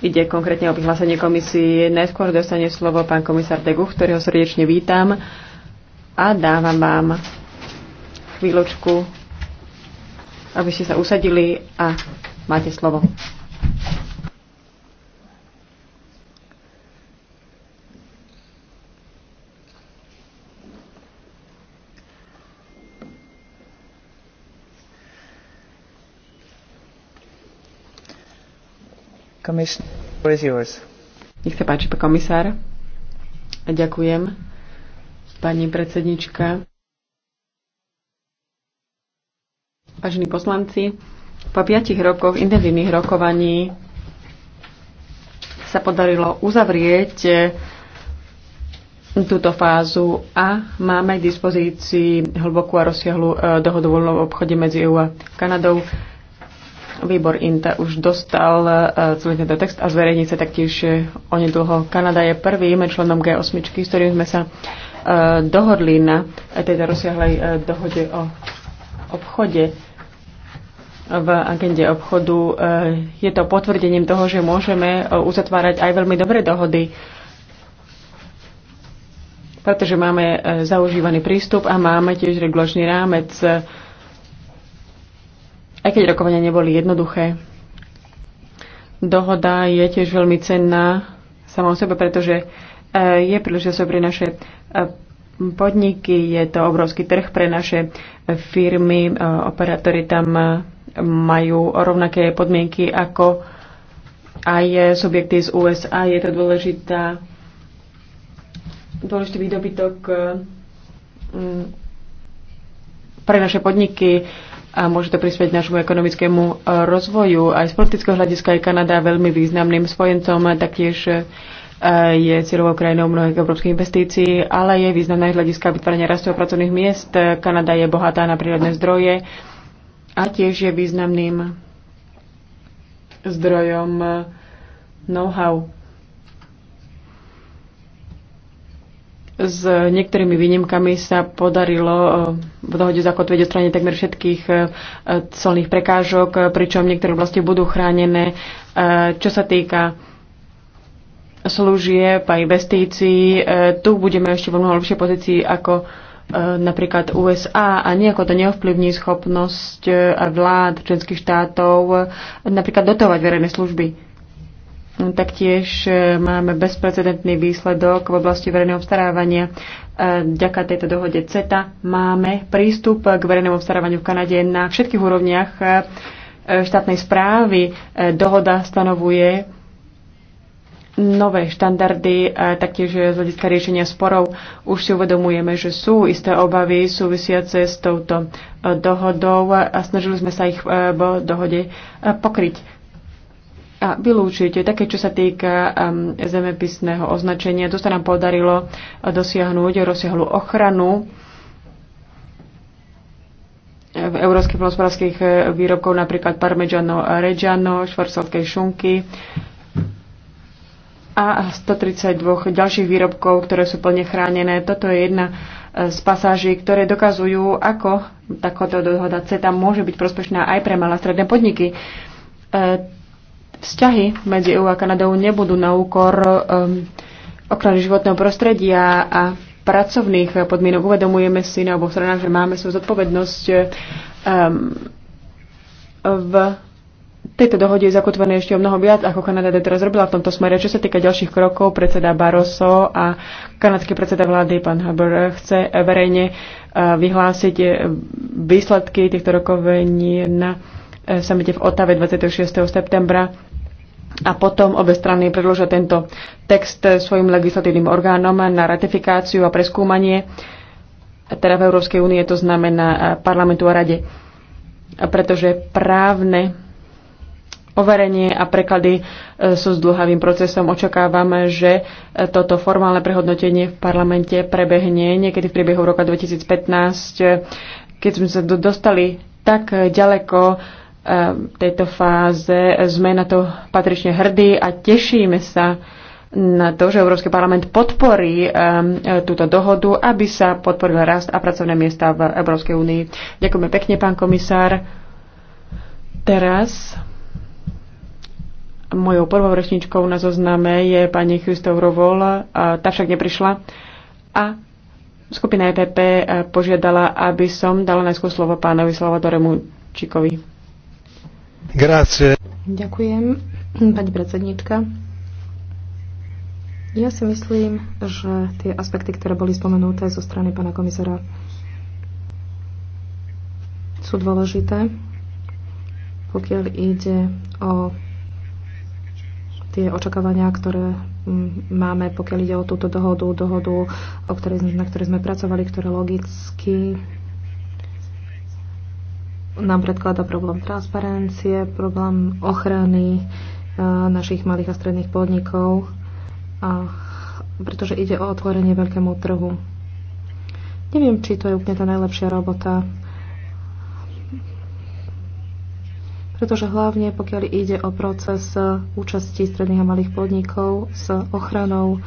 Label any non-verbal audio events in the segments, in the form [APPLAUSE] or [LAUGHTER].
Ide konkrétne o vyhlásenie komisie. Najskôr dostane slovo pán komisár Degu, ktorého srdečne vítam a dávam vám chvíľočku, aby ste sa usadili a máte slovo. commission. Nech sa páči, pán komisár. Ďakujem, pani predsednička. Vážení poslanci, po piatich rokoch intenzívnych rokovaní sa podarilo uzavrieť eh, túto fázu a máme k dispozícii hlbokú a rozsiahlu eh, dohodu o voľnom obchode medzi EU a Kanadou. Výbor INTA už dostal e, celý tento text a zverejní sa taktiež e, onedlho. Kanada je prvým členom G8, s ktorým sme sa e, dohodli na tejto rozsiahlej dohode o obchode v agende obchodu. Je to potvrdením toho, že môžeme uzatvárať aj veľmi dobré dohody, pretože máme zaužívaný prístup a máme tiež regulačný rámec aj keď rokovania neboli jednoduché, dohoda je tiež veľmi cenná sama o sebe, pretože eh, je príležitosť pre naše eh, podniky, je to obrovský trh pre naše eh, firmy, operátori tam majú rovnaké podmienky ako aj subjekty z USA. Je to dôležitá, dôležitý výdobytok pre naše podniky a môže to prispieť našemu ekonomickému e, rozvoju. Aj z politického hľadiska je Kanada veľmi významným spojencom, taktiež e, je cieľovou krajinou mnohých európskych investícií, ale je významná aj hľadiska vytvárania rastu pracovných miest. E, Kanada je bohatá na prírodné zdroje a tiež je významným zdrojom know-how S niektorými výnimkami sa podarilo eh, v dohode zakotviť odstranie takmer všetkých eh, colných prekážok, eh, pričom niektoré oblasti budú chránené. Čo sa týka služieb a investícií, tu budeme ešte vo mnoho lepšej pozícii ako napríklad USA a nejako to neovplyvní schopnosť vlád členských štátov napríklad dotovať verejné služby Taktiež e, máme bezprecedentný výsledok v oblasti verejného obstarávania. E, Ďaká tejto dohode CETA máme prístup k verejnému obstarávaniu v Kanade na všetkých úrovniach e, štátnej správy. Dohoda stanovuje nové štandardy, taktiež z hľadiska riešenia sporov. Už si uvedomujeme, že sú isté obavy súvisiace s touto dohodou a snažili sme sa ich v dohode pokryť a vylúčite také, čo sa týka um, zemepisného označenia. To sa nám podarilo dosiahnuť rozsiahlu ochranu v európskych polospodárských e, výrobkov, napríklad parmigiano reggiano, švarcelskej šunky a 132 ďalších výrobkov, ktoré sú plne chránené. Toto je jedna e, z pasáží, ktoré dokazujú, ako takáto dohoda CETA môže byť prospešná aj pre malé stredné podniky e, Vzťahy medzi EU a Kanadou nebudú na úkor um, ochrany životného prostredia a pracovných podmienok. Uvedomujeme si na oboch stranách, že máme svoju zodpovednosť. Um, v tejto dohode je zakotvené ešte o mnoho viac, ako Kanada teraz robila v tomto smere. Čo sa týka ďalších krokov, predseda Barroso a kanadský predseda vlády, pán Haber, chce verejne uh, vyhlásiť uh, výsledky týchto rokovení na uh, samite v Otave 26. septembra a potom obe strany predložia tento text svojim legislatívnym orgánom na ratifikáciu a preskúmanie, teda v Európskej únie to znamená e, parlamentu a rade, pretože právne overenie a preklady e, sú s dlhavým procesom. Očakávame, že e, toto formálne prehodnotenie v parlamente prebehne niekedy v priebehu roka 2015. Keď sme sa dostali tak ďaleko, tejto fáze. Sme na to patrične hrdí a tešíme sa na to, že Európsky parlament podporí um, túto dohodu, aby sa podporil rast a pracovné miesta v Európskej únii. Ďakujeme pekne, pán komisár. Teraz mojou prvou rečničkou na zozname je pani Chustov Rovol, tá však neprišla. A skupina EPP eh, požiadala, aby som dala najskôr slovo pánovi Salvadoremu Čikovi. Grazie. Ďakujem, pani predsednička. Ja si myslím, že tie aspekty, ktoré boli spomenuté zo strany pána komisára, sú dôležité, pokiaľ ide o tie očakávania, ktoré mm, máme, pokiaľ ide o túto dohodu, dohodu, o ktorej, na ktorej sme pracovali, ktoré logicky nám predkladá problém transparencie, problém ochrany e, našich malých a stredných podnikov, a, pretože ide o otvorenie veľkému trhu. Neviem, či to je úplne tá najlepšia robota, pretože hlavne pokiaľ ide o proces e, účasti stredných a malých podnikov s ochranou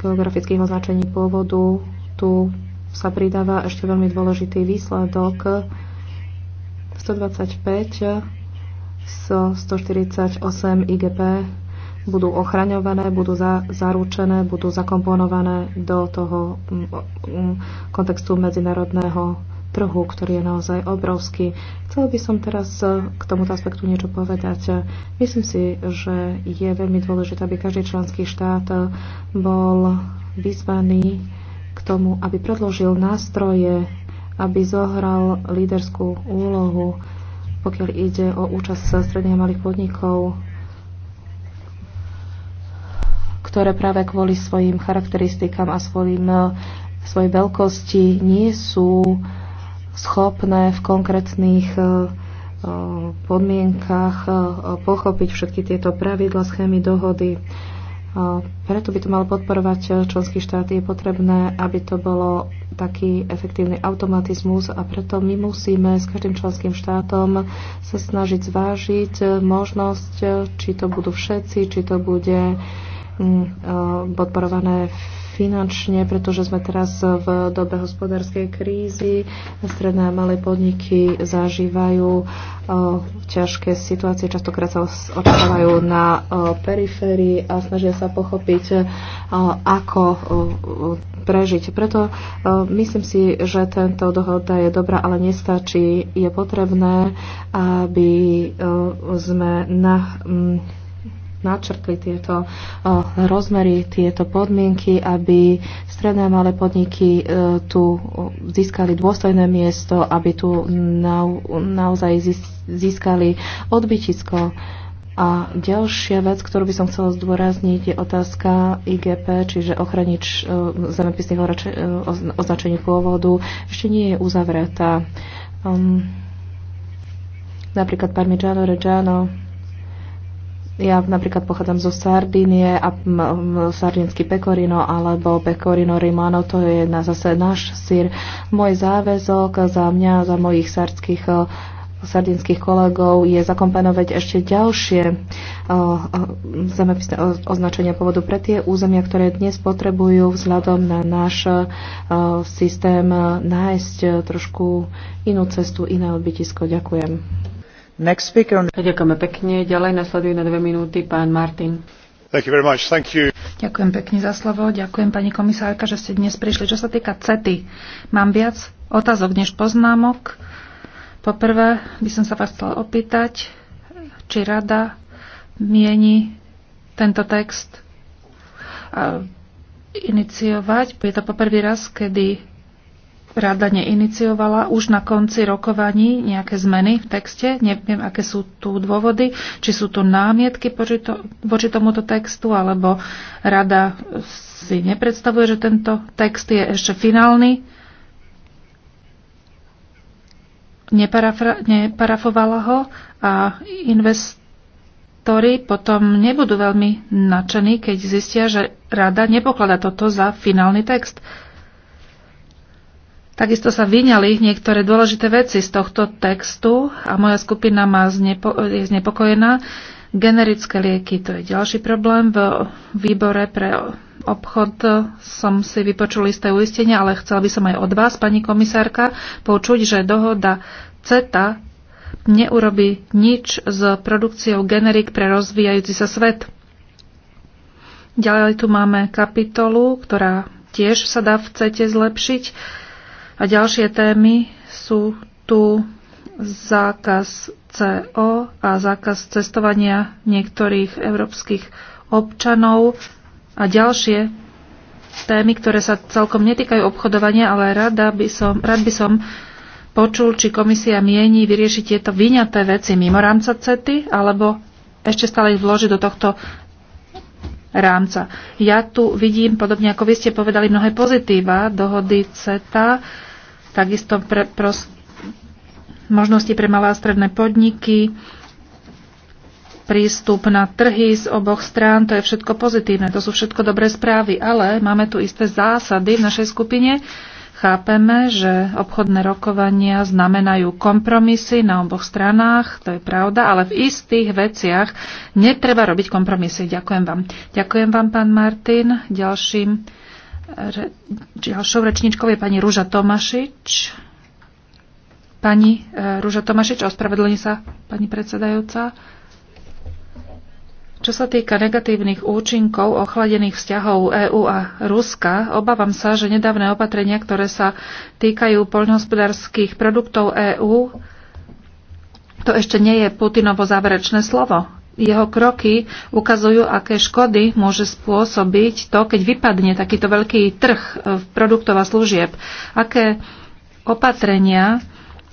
geografických označení pôvodu, tu sa pridáva ešte veľmi dôležitý výsledok, 125 z 148 IGP budú ochraňované, budú za, zaručené, budú zakomponované do toho um, kontextu medzinárodného trhu, ktorý je naozaj obrovský. Chcel by som teraz e, k tomuto aspektu niečo povedať. E, myslím si, že je veľmi dôležité, aby každý členský štát e, bol vyzvaný k tomu, aby predložil nástroje aby zohral líderskú úlohu, pokiaľ ide o účasť stredných a malých podnikov, ktoré práve kvôli svojim charakteristikám a svojim, svojej veľkosti nie sú schopné v konkrétnych e, podmienkach e, pochopiť všetky tieto pravidla, schémy, dohody. Preto by to malo podporovať e, členský štát. Je potrebné, aby to bolo taký efektívny automatizmus a preto my musíme s každým členským štátom sa snažiť zvážiť e, možnosť, e, či to budú všetci, či to bude mm, podporované finančne, pretože sme teraz v dobe hospodárskej krízy. Stredné a malé podniky zažívajú eh, ťažké situácie, častokrát sa očakávajú na eh, periférii a snažia sa pochopiť, eh, ako prežiť. Preto myslím si, že tento dohoda je dobrá, ale nestačí. Je potrebné, aby sme na mm, načrtli tieto rozmery, tieto podmienky, aby stredné a malé podniky e, tu získali dôstojné miesto, aby tu naozaj získali odbytisko. A ďalšia vec, ktorú by som chcela zdôrazniť, je otázka IGP, čiže ochranič e, zemepisných e, označení pôvodu, ešte nie je uzavretá. Um, napríklad Parmigiano Reggiano ja napríklad pochádzam zo Sardinie, a sardínsky pecorino alebo pecorino rimano, to je na, zase náš sír. Môj záväzok za mňa, za mojich sardských eh, sardinských kolegov je zakompanovať ešte ďalšie eh, eh, zemepisné označenia pôvodu pre tie územia, ktoré dnes potrebujú vzhľadom na náš systém nájsť trošku inú cestu, iné odbytisko. Ďakujem. On... Ďakujeme pekne. Ďalej nasleduje na dve minúty pán Martin. Ďakujem pekne za slovo. Ďakujem pani komisárka, že ste dnes prišli. Čo sa týka CETY, mám viac otázok než poznámok. Poprvé by som sa vás chcela opýtať, či rada mieni tento text iniciovať. Je to poprvý raz, kedy rada neiniciovala už na konci rokovaní nejaké zmeny v texte. Neviem, aké sú tu dôvody, či sú tu námietky voči tomuto textu, alebo rada si nepredstavuje, že tento text je ešte finálny. Neparafra- neparafovala ho a investori potom nebudú veľmi nadšení, keď zistia, že rada nepokladá toto za finálny text. Takisto sa vyňali niektoré dôležité veci z tohto textu a moja skupina má znepo- je znepokojená. Generické lieky, to je ďalší problém. V výbore pre obchod som si vypočul isté uistenie, ale chcela by som aj od vás, pani komisárka, počuť, že dohoda CETA neurobi nič s produkciou generik pre rozvíjajúci sa svet. Ďalej tu máme kapitolu, ktorá tiež sa dá v CETE zlepšiť a ďalšie témy sú tu zákaz CO a zákaz cestovania niektorých európskych občanov a ďalšie témy, ktoré sa celkom netýkajú obchodovania, ale rada by som, rád by som počul, či komisia mieni vyriešiť tieto vyňaté veci mimo rámca CETY, alebo ešte stále ich vložiť do tohto rámca. Ja tu vidím, podobne ako vy ste povedali, mnohé pozitíva dohody CETA, takisto pre, pros, možnosti pre malé a stredné podniky, prístup na trhy z oboch strán, to je všetko pozitívne, to sú všetko dobré správy, ale máme tu isté zásady v našej skupine, Chápeme, že obchodné rokovania znamenajú kompromisy na oboch stranách, to je pravda, ale v istých veciach netreba robiť kompromisy. Ďakujem vám. Ďakujem vám, pán Martin. Ďalším, re, ďalšou rečničkou je pani Rúža Tomašič. Pani e, Rúža Tomašič, ospravedlňujem sa, pani predsedajúca. Čo sa týka negatívnych účinkov ochladených vzťahov EÚ a Ruska, obávam sa, že nedávne opatrenia, ktoré sa týkajú poľnohospodárských produktov EÚ, to ešte nie je Putinovo záverečné slovo. Jeho kroky ukazujú, aké škody môže spôsobiť to, keď vypadne takýto veľký trh e, produktov a služieb. Aké opatrenia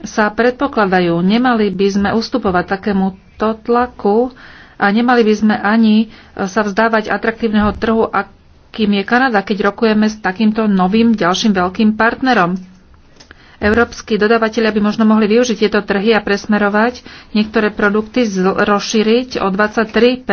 sa predpokladajú, nemali by sme ustupovať takémuto tlaku, a nemali by sme ani e, sa vzdávať atraktívneho trhu, akým je Kanada, keď rokujeme s takýmto novým ďalším veľkým partnerom. Európsky dodavatelia by možno mohli využiť tieto trhy a presmerovať niektoré produkty, rozšíriť o 23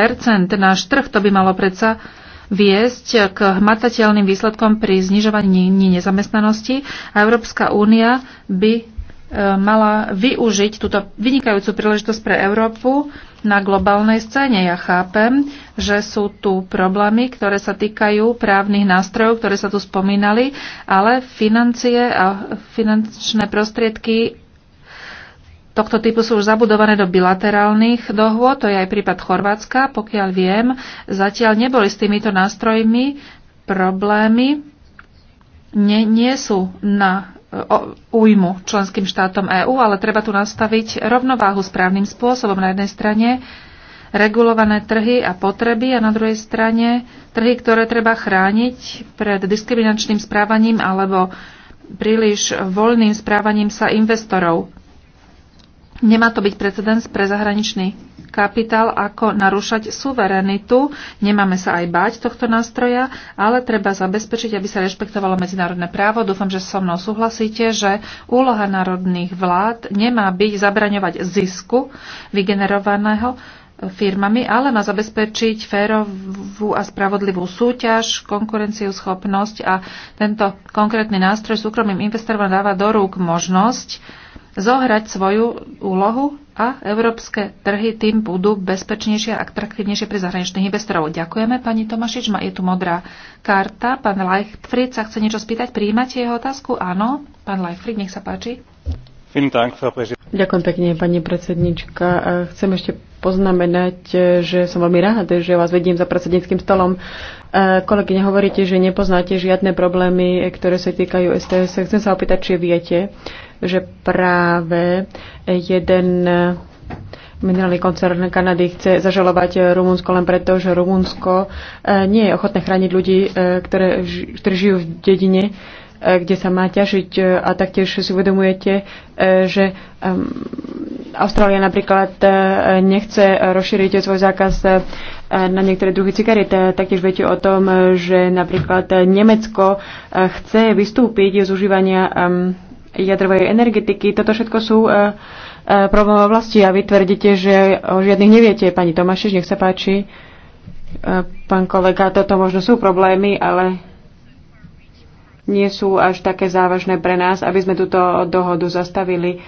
náš trh. To by malo predsa viesť k hmatateľným výsledkom pri znižovaní nezamestnanosti a Európska únia by E, mala využiť túto vynikajúcu príležitosť pre Európu na globálnej scéne. Ja chápem, že sú tu problémy, ktoré sa týkajú právnych nástrojov, ktoré sa tu spomínali, ale financie a finančné prostriedky tohto typu sú už zabudované do bilaterálnych dohôd, to je aj prípad Chorvátska, pokiaľ viem, zatiaľ neboli s týmito nástrojmi problémy, nie, nie sú na újmu členským štátom EÚ, ale treba tu nastaviť rovnováhu správnym spôsobom. Na jednej strane regulované trhy a potreby a na druhej strane trhy, ktoré treba chrániť pred diskriminačným správaním alebo príliš voľným správaním sa investorov. Nemá to byť precedens pre zahraničný kapitál, ako narúšať suverenitu. Nemáme sa aj báť tohto nástroja, ale treba zabezpečiť, aby sa rešpektovalo medzinárodné právo. Dúfam, že so mnou súhlasíte, že úloha národných vlád nemá byť zabraňovať zisku vygenerovaného firmami, ale má zabezpečiť férovú a spravodlivú súťaž, konkurenciu, schopnosť a tento konkrétny nástroj súkromným investorom dáva do rúk možnosť zohrať svoju úlohu a európske trhy tým budú bezpečnejšie a atraktívnejšie pre zahraničných investorov. Ďakujeme, pani Tomašič. Je tu modrá karta. Pán Leichfried sa chce niečo spýtať. Príjmate jeho otázku? Áno. Pán Leichfried, nech sa páči. Ďakujem pekne, pani predsednička. Chcem ešte poznamenať, že som veľmi rád, že vás vediem za predsedníckým stolom. Kolegyne, hovoríte, že nepoznáte žiadne problémy, ktoré sa týkajú STS. Chcem sa opýtať, či viete, že práve jeden minerálny koncern Kanady chce zažalovať Rumunsko len preto, že Rumunsko e, nie je ochotné chrániť ľudí, e, ktoré, ktorí žijú v dedine, e, kde sa má ťažiť a taktiež si uvedomujete, že Austrália napríklad nechce rozšíriť svoj zákaz na niektoré druhy cigaret. Taktiež viete o tom, že napríklad Nemecko chce vystúpiť z užívania jadrovej energetiky. Toto všetko sú e, e, problémy oblasti a vy tvrdíte, že o žiadnych neviete. Pani Tomášiš, nech sa páči. E, pán kolega, toto možno sú problémy, ale nie sú až také závažné pre nás, aby sme túto dohodu zastavili.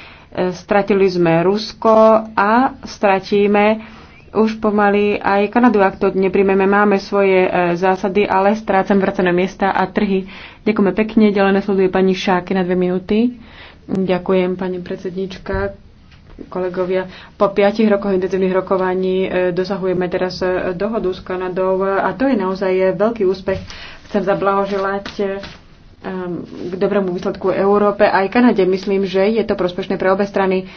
Stratili sme Rusko a stratíme už pomaly aj Kanadu, ak to nepríjmeme, máme svoje e, zásady, ale strácam vracené miesta a trhy. Ďakujeme pekne, ďalej nasleduje pani Šáky na dve minúty. Ďakujem, pani predsednička, kolegovia. Po piatich rokoch intenzívnych rokovaní e, dosahujeme teraz e, dohodu s Kanadou a to je naozaj e, veľký úspech. Chcem zablahoželať e, k dobrému výsledku Európe aj Kanade. Myslím, že je to prospešné pre obe strany.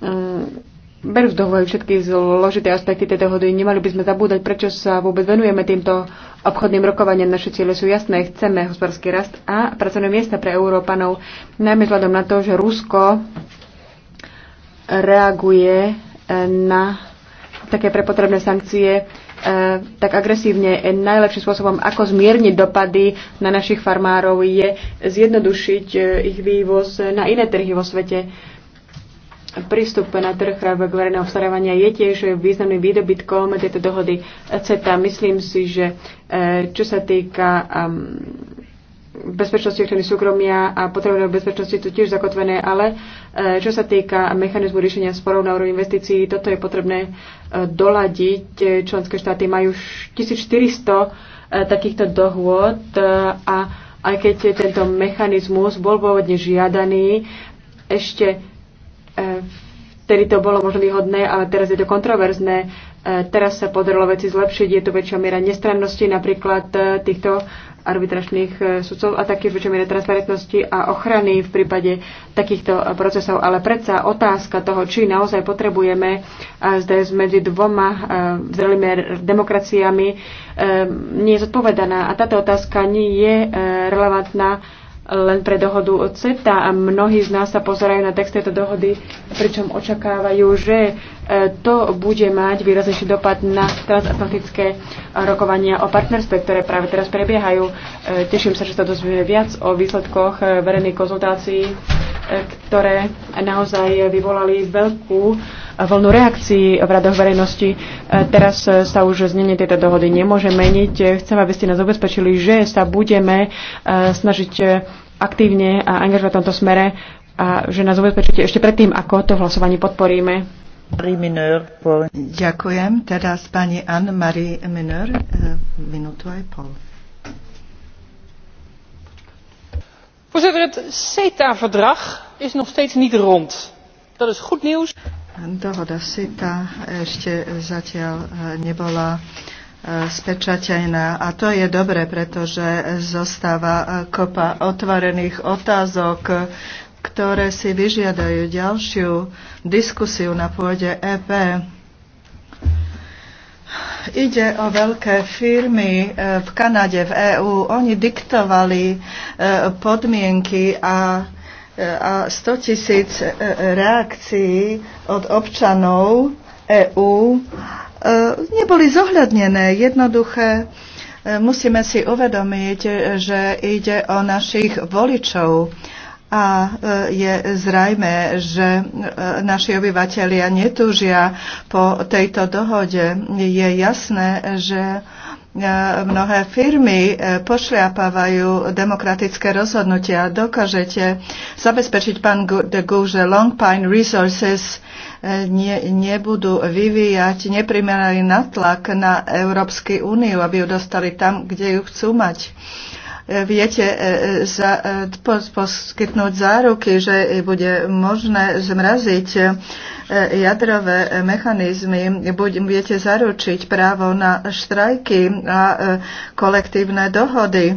E, berú do všetky zložité aspekty tej dohody. Nemali by sme zabúdať, prečo sa vôbec venujeme týmto obchodným rokovaniam. Naše ciele sú jasné. Chceme hospodársky rast a pracovné miesta pre Európanov, najmä vzhľadom na to, že Rusko reaguje eh, na také prepotrebné sankcie eh, tak agresívne. Najlepším spôsobom, ako zmierniť dopady na našich farmárov, je zjednodušiť eh, ich vývoz na iné trhy vo svete Prístup na trh k verejného obstarávania je tiež významným výdobytkom tejto dohody CETA. Myslím si, že e, čo sa týka bezpečnosti ochrany súkromia a potrebného bezpečnosti to tiež zakotvené, ale e, čo sa týka mechanizmu riešenia sporov na úrovni investícií, toto je potrebné e, doladiť. Členské štáty majú 1400 takýchto dohôd a aj keď tento mechanizmus bol pôvodne žiadaný, ešte Vtedy e, to bolo možno výhodné, ale teraz je to kontroverzné. E, teraz sa podarilo veci zlepšiť, je tu väčšia miera nestrannosti napríklad e, týchto arbitračných sudcov a takých väčšia miera transparentnosti a ochrany v prípade takýchto procesov. Ale predsa otázka toho, či naozaj potrebujeme a zde medzi dvoma zrelými demokraciami, nie je zodpovedaná. A táto otázka nie je relevantná len pre dohodu CETA a mnohí z nás sa pozerajú na text tejto dohody, pričom očakávajú, že E, to bude mať výraznejší dopad na transatlantické rokovania o partnerstve, ktoré práve teraz prebiehajú. E, teším sa, že sa dozvieme viac o výsledkoch e, verejnej konzultácií, ktoré naozaj vyvolali veľkú voľnú reakcií v radoch verejnosti. Teraz sa už znenie tejto dohody nemôže meniť. Chcem, aby ste nás ubezpečili, že sa budeme snažiť aktívne a angažovať v tomto smere a že nás ubezpečíte ešte predtým, ako to hlasovanie podporíme. Ďakujem. Teraz pani Anne-Marie Mineur, eh, minútu aj pol. Voorzitter, het CETA-verdrag is nog steeds niet rond. Dat is goed nieuws. Dohoda CETA ešte zatiaľ eh, nebola eh, spečateľná. A to je dobre, pretože zostáva kopa otvorených otázok, ktoré si vyžiadajú ďalšiu diskusiu na pôde EP. Ide o veľké firmy e, v Kanade, v EÚ. Oni diktovali e, podmienky a, e, a 100 tisíc reakcií od občanov EÚ neboli zohľadnené. Jednoduché musíme si uvedomiť, že ide o našich voličov a e, je zrejme, že e, naši obyvateľia netúžia po tejto dohode. Je jasné, že e, mnohé firmy pošliapávajú demokratické rozhodnutia. Dokážete zabezpečiť, pán de Gou, že Long Pine Resources nie, nebudú vyvíjať neprimeraný natlak na Európsky úniu, aby ju dostali tam, kde ju chcú mať. Uh, viete e, e, e, poskytnúť záruky, že bude možné zmraziť jadrové mechanizmy, budete zaručiť právo na štrajky a kolektívne dohody.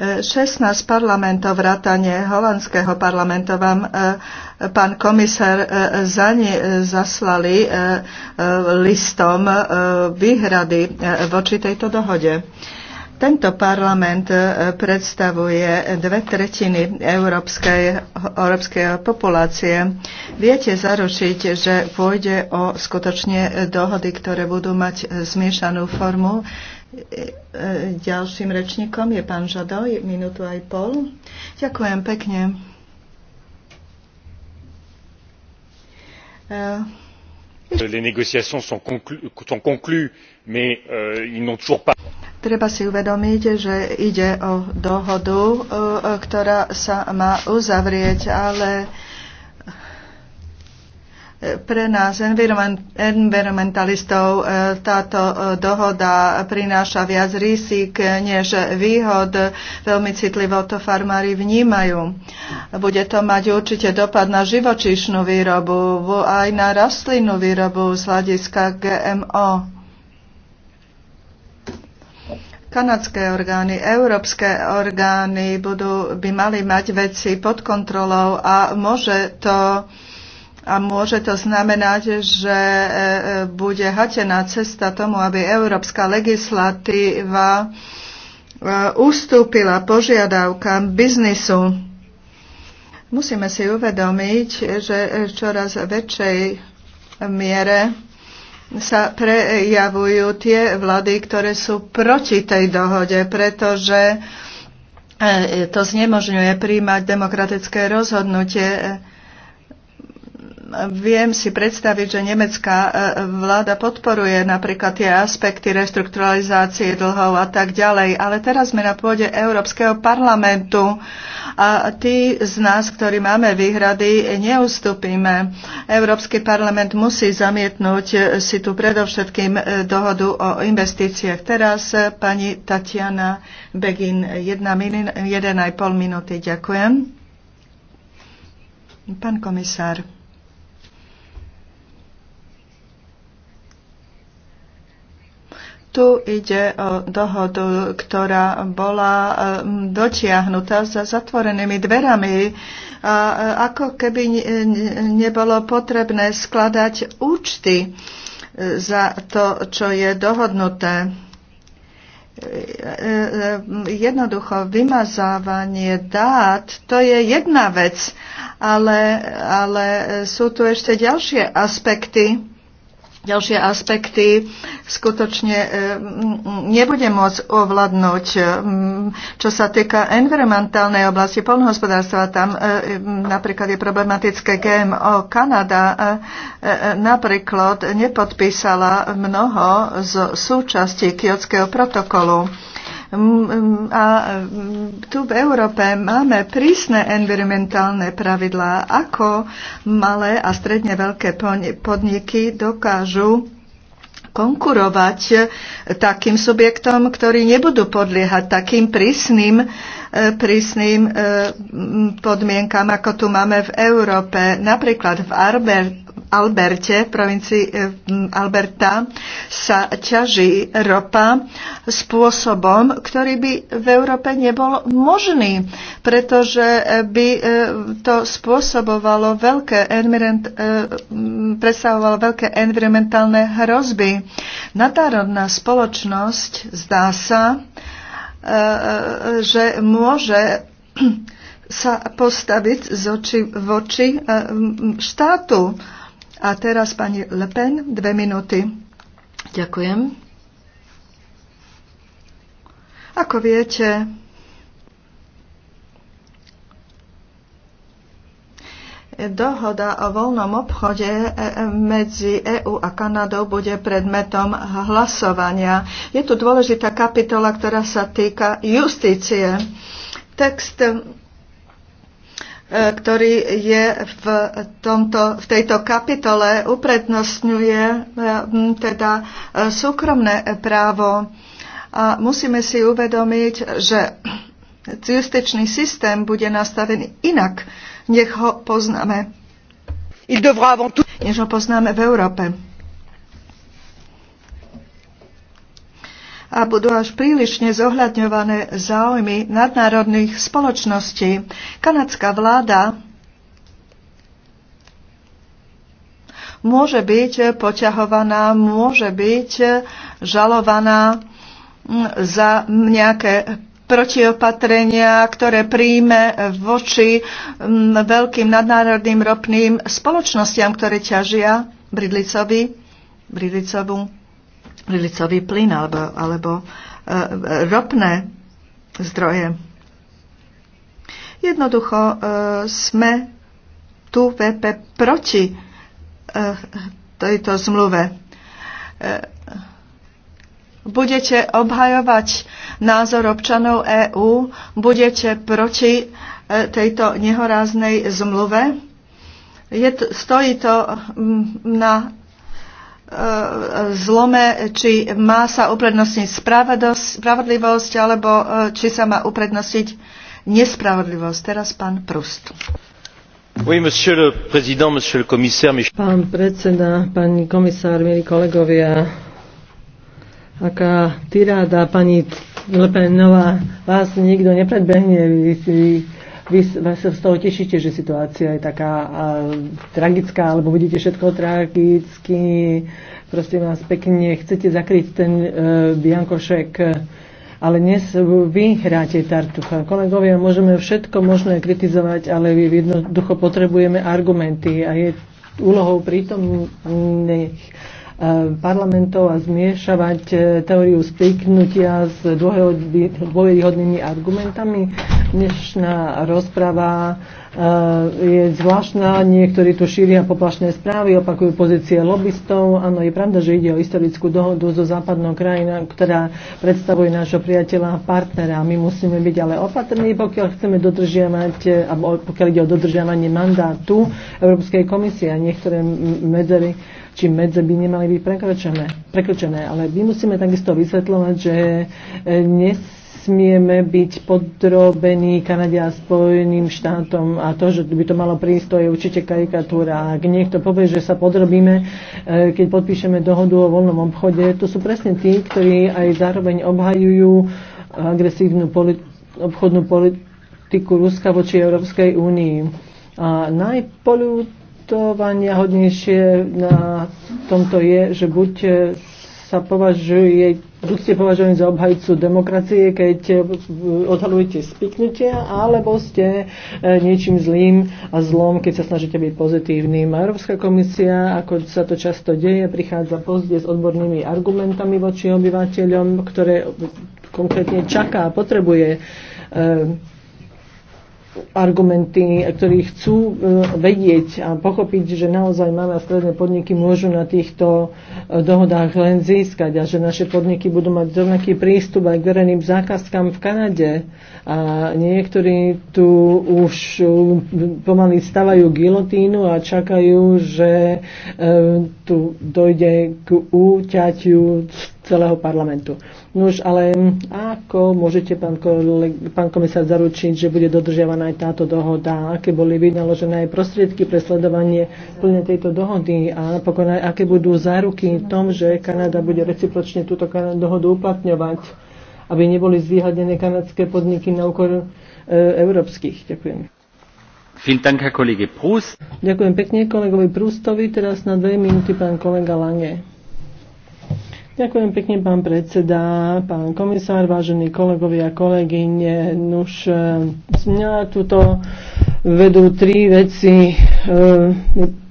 16 parlamentov vrátane holandského parlamentu vám pán komisár za ne zaslali listom výhrady voči tejto dohode. Tento parlament e, predstavuje dve tretiny európskej, európskej populácie. Viete zaručiť, že pôjde o skutočne dohody, ktoré budú mať zmiešanú formu. E, e, ďalším rečníkom je pán Žado, minútu aj pol. Ďakujem pekne. Les négociations sont conclues, sont conclues mais euh, ils n'ont toujours pas. Treba si uvedomiť, že ide o dohodu, e, ktorá sa má uzavrieť, ale pre nás environmentalistov e, táto e, dohoda prináša viac rizik než výhod. Veľmi citlivo to farmári vnímajú. Bude to mať určite dopad na živočíšnu výrobu, aj na rastlinnú výrobu z hľadiska GMO kanadské orgány, európske orgány budú, by mali mať veci pod kontrolou a môže to a môže to znamenať, že e, e, bude hatená cesta tomu, aby európska legislatíva e, ustúpila požiadavkám biznisu. Musíme si uvedomiť, že v čoraz väčšej miere sa prejavujú tie vlády, ktoré sú proti tej dohode, pretože e, e, to znemožňuje príjmať demokratické rozhodnutie viem si predstaviť, že nemecká e, vláda podporuje napríklad tie aspekty reštrukturalizácie dlhov a tak ďalej, ale teraz sme na pôde Európskeho parlamentu a tí z nás, ktorí máme výhrady, neustupíme. Európsky parlament musí zamietnúť si tu predovšetkým e, dohodu o investíciách. Teraz e, pani Tatiana Begin, 1,5 minúty. Ďakujem. Pán komisár. Tu ide o dohodu, ktorá bola dotiahnutá za zatvorenými dverami a e, ako keby nebolo potrebné skladať účty e, za to, čo je dohodnuté. E, jednoducho vymazávanie dát, to je jedna vec, ale, ale sú tu ešte ďalšie aspekty ďalšie aspekty skutočne eh, nebude môcť ovladnúť. Eh, čo sa týka environmentálnej oblasti polnohospodárstva, tam eh, napríklad je problematické GMO. Kanada napríklad nepodpísala mnoho z súčasti Kyotského protokolu a tu v Európe máme prísne environmentálne pravidlá, ako malé a stredne veľké podniky dokážu konkurovať takým subjektom, ktorí nebudú podliehať takým prísnym, e, prísnym e, podmienkam, ako tu máme v Európe. Napríklad v, Arber, Alberte, v provincii eh, Alberta, sa ťaží ropa spôsobom, ktorý by v Európe nebol možný, pretože eh, by eh, to spôsobovalo veľké, predstavovalo veľké environmentálne hrozby. Nadárodná spoločnosť, zdá sa, že môže [CLEARS THROAT] sa postaviť z oči v oči štátu a teraz pani Le Pen, dve minúty. Ďakujem. Ako viete, dohoda o voľnom obchode e, e, medzi EÚ a Kanadou bude predmetom hlasovania. Je tu dôležitá kapitola, ktorá sa týka justície. Text E, ktorý je v, tomto, v tejto kapitole, uprednostňuje e, teda e, súkromné právo. A musíme si uvedomiť, že justičný systém bude nastavený inak, nech ho poznáme. Než ho poznáme v Európe a budú až prílišne zohľadňované záujmy nadnárodných spoločností. Kanadská vláda môže byť poťahovaná, môže byť žalovaná mm, za nejaké protiopatrenia, ktoré príjme voči mm, veľkým nadnárodným ropným spoločnostiam, ktoré ťažia bridlicovi, Bridlicovu prilicový plyn alebo, alebo e, e, ropné zdroje. Jednoducho e, sme tu VP proti tejto zmluve. Budete obhajovať názor občanov EÚ, budete proti tejto nehoráznej zmluve. Je, stojí to na E, zlome, či má sa uprednostniť spravodlivosť, alebo e, či sa má uprednostniť nespravodlivosť. Teraz pán Prust. Oui, monsieur le président, monsieur le commissaire, mes... Pán predseda, pani komisár, milí kolegovia, aká tyráda pani Lepenová, no vás nikto nepredbehne, vy, si vy sa z toho tešíte, že situácia je taká a, tragická, alebo vidíte všetko tragicky, proste vás pekne chcete zakryť ten e, biankošek, ale dnes vy hráte tartucha. Kolegovia, môžeme všetko možné kritizovať, ale my jednoducho potrebujeme argumenty a je úlohou prítomných parlamentov a zmiešavať e, teóriu spiknutia s dôveryhodnými argumentami. Dnešná rozprava e, je zvláštna. Niektorí tu šíria poplašné správy, opakujú pozície lobbystov. Áno, je pravda, že ide o historickú dohodu so západnou krajinou, ktorá predstavuje nášho priateľa a partnera. My musíme byť ale opatrní, pokiaľ chceme dodržiavať, e, pokiaľ ide o dodržiavanie mandátu Európskej komisie a niektoré medzery či medze by nemali byť prekročené, prekročené. Ale my musíme takisto vysvetľovať, že e, nesmieme byť podrobení Kanadia a Spojeným štátom a to, že by to malo prísť, to je určite karikatúra. Ak niekto povie, že sa podrobíme, e, keď podpíšeme dohodu o voľnom obchode, to sú presne tí, ktorí aj zároveň obhajujú agresívnu polit- obchodnú politiku Ruska voči Európskej únii. A najpolut varovania hodnejšie na tomto je, že buď e, sa považuje, buď ste považovaní za obhajcu demokracie, keď e, odhalujete spiknutia, alebo ste e, niečím zlým a zlom, keď sa snažíte byť pozitívnym. Európska komisia, ako sa to často deje, prichádza pozdie s odbornými argumentami voči obyvateľom, ktoré konkrétne čaká a potrebuje argumenty, ktorí chcú e, vedieť a pochopiť, že naozaj malé a stredné podniky môžu na týchto e, dohodách len získať a že naše podniky budú mať rovnaký prístup aj k verejným zákazkám v Kanade. A niektorí tu už e, pomaly stavajú gilotínu a čakajú, že tu dojde k úťaťu celého parlamentu. No už ale ako môžete, pán, koleg, pán komisár, zaručiť, že bude dodržiavaná aj táto dohoda? Aké boli vynaložené aj prostriedky pre sledovanie plne tejto dohody? A napokon aj aké budú záruky v tom, že Kanada bude recipročne túto dohodu uplatňovať, aby neboli zvýhodnené kanadské podniky na úkor e, európskych? Ďakujem. Ďakujem pekne kolegovi Prústovi. Teraz na dve minúty pán kolega Lange. Ďakujem pekne, pán predseda, pán komisár, vážení kolegovia a kolegyne. Nuž, e, mňa tuto vedú tri veci e,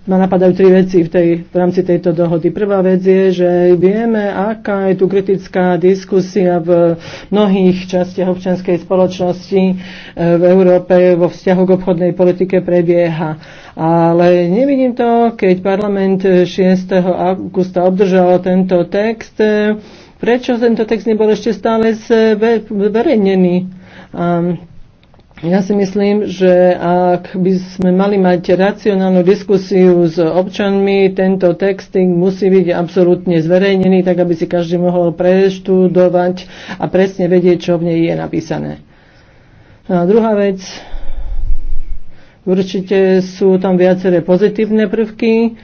ma no, napadajú tri veci v, tej, v rámci tejto dohody. Prvá vec je, že vieme, aká je tu kritická diskusia v mnohých častiach občianskej spoločnosti e, v Európe vo vzťahu k obchodnej politike prebieha. Ale nevidím to, keď parlament 6. augusta obdržal tento text, e, prečo tento text nebol ešte stále zverejnený. Ja si myslím, že ak by sme mali mať racionálnu diskusiu s občanmi, tento texting musí byť absolútne zverejnený, tak aby si každý mohol preštudovať a presne vedieť, čo v nej je napísané. No a druhá vec, určite sú tam viaceré pozitívne prvky,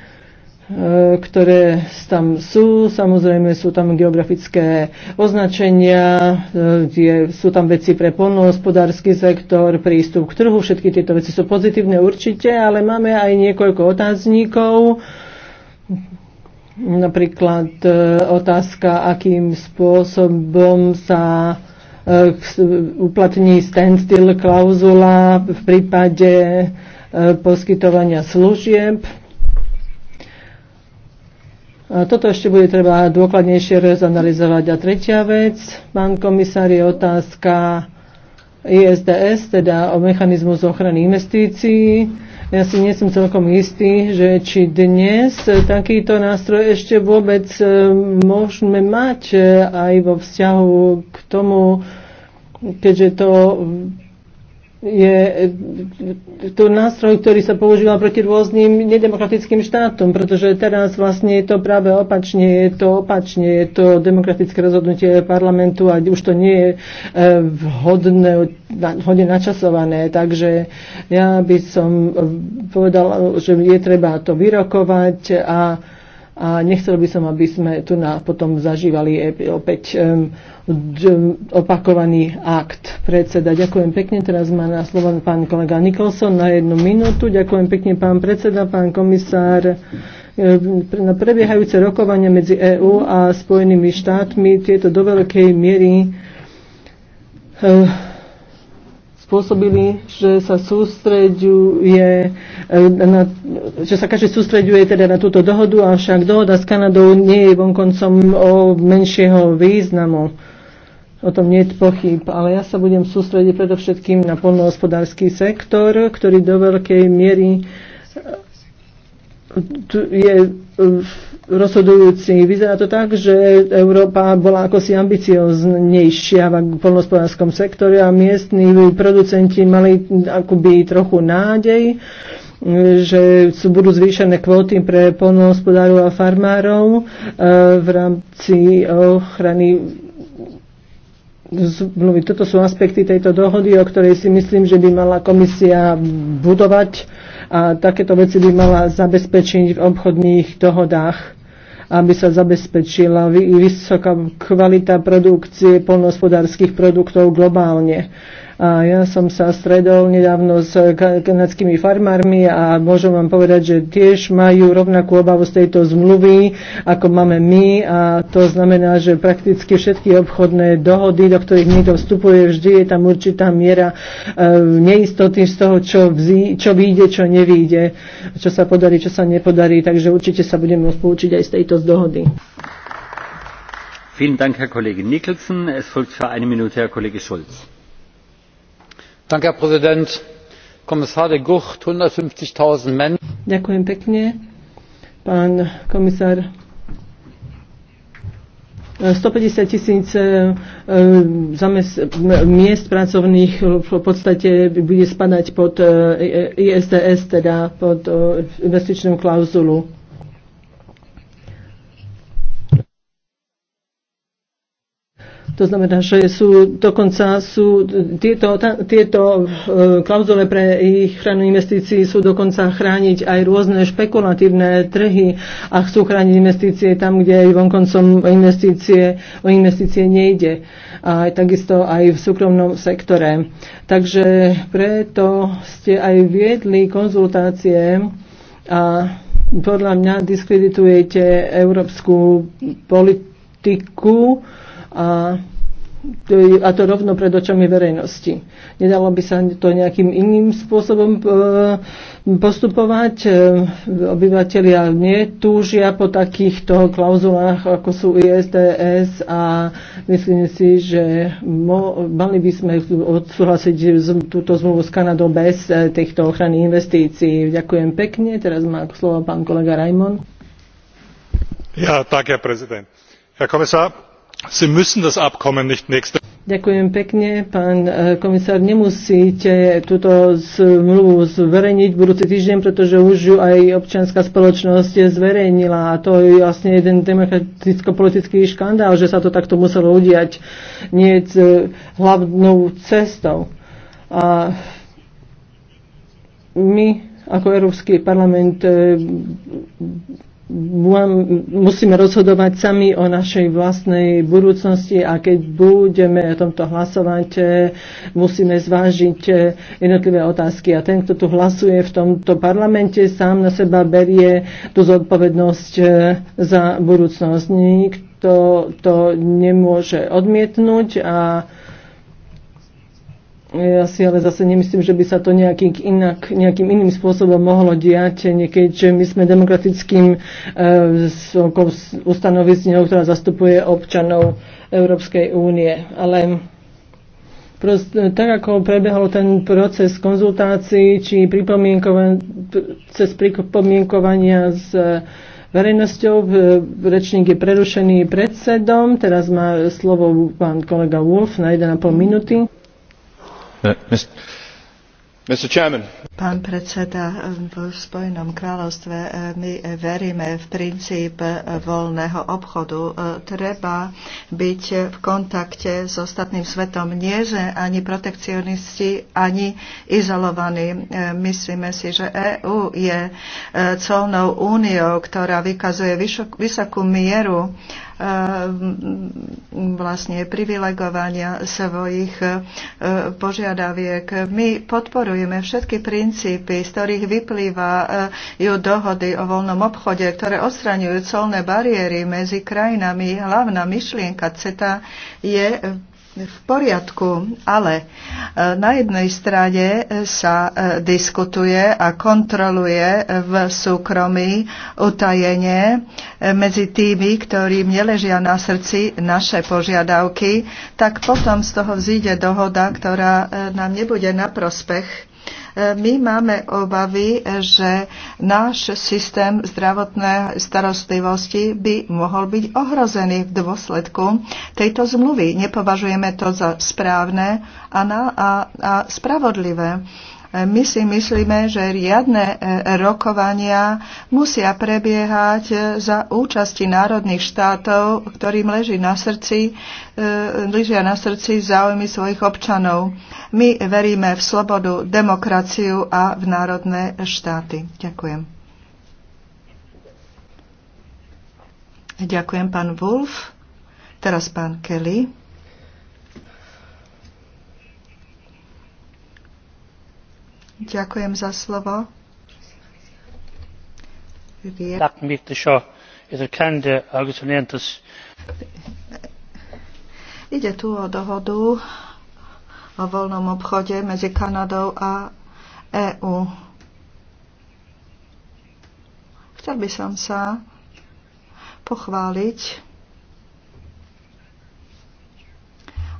E, ktoré tam sú. Samozrejme sú tam geografické označenia, je, sú tam veci pre polnohospodársky sektor, prístup k trhu, všetky tieto veci sú pozitívne určite, ale máme aj niekoľko otázníkov. Napríklad e, otázka, akým spôsobom sa e, uplatní standstill klauzula v prípade poskytovania služieb toto ešte bude treba dôkladnejšie rozanalizovať. A tretia vec, pán komisár, je otázka ISDS, teda o mechanizmus ochrany investícií. Ja si nie som celkom istý, že či dnes takýto nástroj ešte vôbec e, môžeme mať e, aj vo vzťahu k tomu, keďže to je to nástroj, ktorý sa používal proti rôznym nedemokratickým štátom, pretože teraz vlastne je to práve opačne, je to opačne, je to demokratické rozhodnutie parlamentu a už to nie je e, vhodné, hodne načasované. Takže ja by som povedala, že je treba to vyrokovať a a nechcel by som, aby sme tu na, potom zažívali e, opäť um, opakovaný akt predseda. Ďakujem pekne, teraz má na slovo pán kolega Nikolson na jednu minútu. Ďakujem pekne pán predseda, pán komisár e, na prebiehajúce rokovania medzi EÚ a Spojenými štátmi tieto do veľkej miery e, spôsobili, že sa sústreďuje, e, na, že sa každý sústreďuje teda na túto dohodu, avšak dohoda s Kanadou nie je vonkoncom o menšieho významu. O tom nie je pochyb, ale ja sa budem sústrediť predovšetkým na polnohospodársky sektor, ktorý do veľkej miery tu je e, rozhodujúci. Vyzerá to tak, že Európa bola ako si ambicioznejšia v polnospodárskom sektore a miestni producenti mali akoby trochu nádej, že sú, budú zvýšené kvóty pre polnohospodárov a farmárov e, v rámci ochrany zmluvy. Toto sú aspekty tejto dohody, o ktorej si myslím, že by mala komisia budovať a takéto veci by mala zabezpečiť v obchodných dohodách aby sa zabezpečila vysoká kvalita produkcie polnohospodárských produktov globálne. A ja som sa stredol nedávno s kanadskými farmármi a môžem vám povedať, že tiež majú rovnakú obavu z tejto zmluvy, ako máme my a to znamená, že prakticky všetky obchodné dohody, do ktorých my to vstupuje, vždy je tam určitá miera e, neistoty z toho, čo, vzí, čo vyjde, čo nevyjde, čo sa podarí, čo sa nepodarí, takže určite sa budeme poučiť aj z tejto dohody. Vielen Dank, Herr Kollege Nicholson. Es folgt für eine Minute Herr Kollege Schulz herr präsident kommissar de gucht! einhundertfünfzig ďakujem pekne tisíc eh, eh, miest pracovných v podstate bude spadať pod eh, ISDS, teda pod investičnú klauzulu. To znamená, že sú dokonca sú tieto, tá, tieto e, klauzule pre ich chránu investícií sú dokonca chrániť aj rôzne špekulatívne trhy a chcú chrániť investície tam, kde aj vonkoncom investície, o investície nejde. A takisto aj v súkromnom sektore. Takže preto ste aj viedli konzultácie a podľa mňa diskreditujete európsku politiku, a a to rovno pred očami verejnosti. Nedalo by sa to nejakým iným spôsobom e, postupovať. E, obyvatelia netúžia po takýchto klauzulách, ako sú ISDS a myslím si, že mo, mali by sme odsúhlasiť túto zmluvu s Kanadou bez e, týchto ochrany investícií. Ďakujem pekne. Teraz má slovo pán kolega Rajmon. Ja, tak, ja prezident. Ja komisár, Sie müssen das Abkommen nicht nächste Ďakujem pekne, pán e, komisár. Nemusíte túto zmluvu zverejniť budúci týždeň, pretože už ju aj občianská spoločnosť zverejnila. A to je vlastne jeden demokraticko-politický škandál, že sa to takto muselo udiať nie e, hlavnou cestou. A my ako Európsky parlament e, musíme rozhodovať sami o našej vlastnej budúcnosti a keď budeme o tomto hlasovať, eh, musíme zvážiť eh, jednotlivé otázky. A ten, kto tu hlasuje v tomto parlamente, sám na seba berie tú zodpovednosť eh, za budúcnosť. Nikto to nemôže odmietnúť a ja si ale zase nemyslím, že by sa to nejaký inak, nejakým iným spôsobom mohlo diať, keďže my sme demokratickým e, uh, ustanovisňou, ktorá zastupuje občanov Európskej únie. Ale prost, tak ako prebehol ten proces konzultácií či cez pripomienkovania s e, verejnosťou. E, rečník je prerušený predsedom. Teraz má slovo pán kolega Wolf na 1,5 minúty. Uh, Pán predseda, v Spojenom kráľovstve eh, my veríme v princíp eh, voľného obchodu. Eh, treba byť v kontakte s ostatným svetom. Nie že ani protekcionisti, ani izolovaní. Myslíme si, že EÚ je colnou úniou, ktorá vykazuje vysokú mieru Ehm, vlastne privilegovania svojich ehm, požiadaviek. My podporujeme všetky princípy, z ktorých vyplývajú ehm, dohody o voľnom obchode, ktoré odstraňujú colné bariéry medzi krajinami. Hlavná myšlienka CETA je v poriadku, ale e, na jednej strane sa e, diskutuje a kontroluje v súkromí utajenie e, medzi tými, ktorým neležia na srdci naše požiadavky, tak potom z toho vzíde dohoda, ktorá nám nebude na prospech my máme obavy, že náš systém zdravotnej starostlivosti by mohol byť ohrozený v dôsledku tejto zmluvy. Nepovažujeme to za správne a, na, a, a spravodlivé E, my si myslíme, že riadne e, rokovania musia prebiehať e, za účasti národných štátov, ktorým leží na srdci, ležia na srdci záujmy svojich občanov. My veríme v slobodu, demokraciu a v národné štáty. Ďakujem. Ďakujem, pán Wolf. Teraz pán Kelly. Ďakujem za slovo. Ide tu o dohodu o voľnom obchode medzi Kanadou a EÚ. Chcel by som sa pochváliť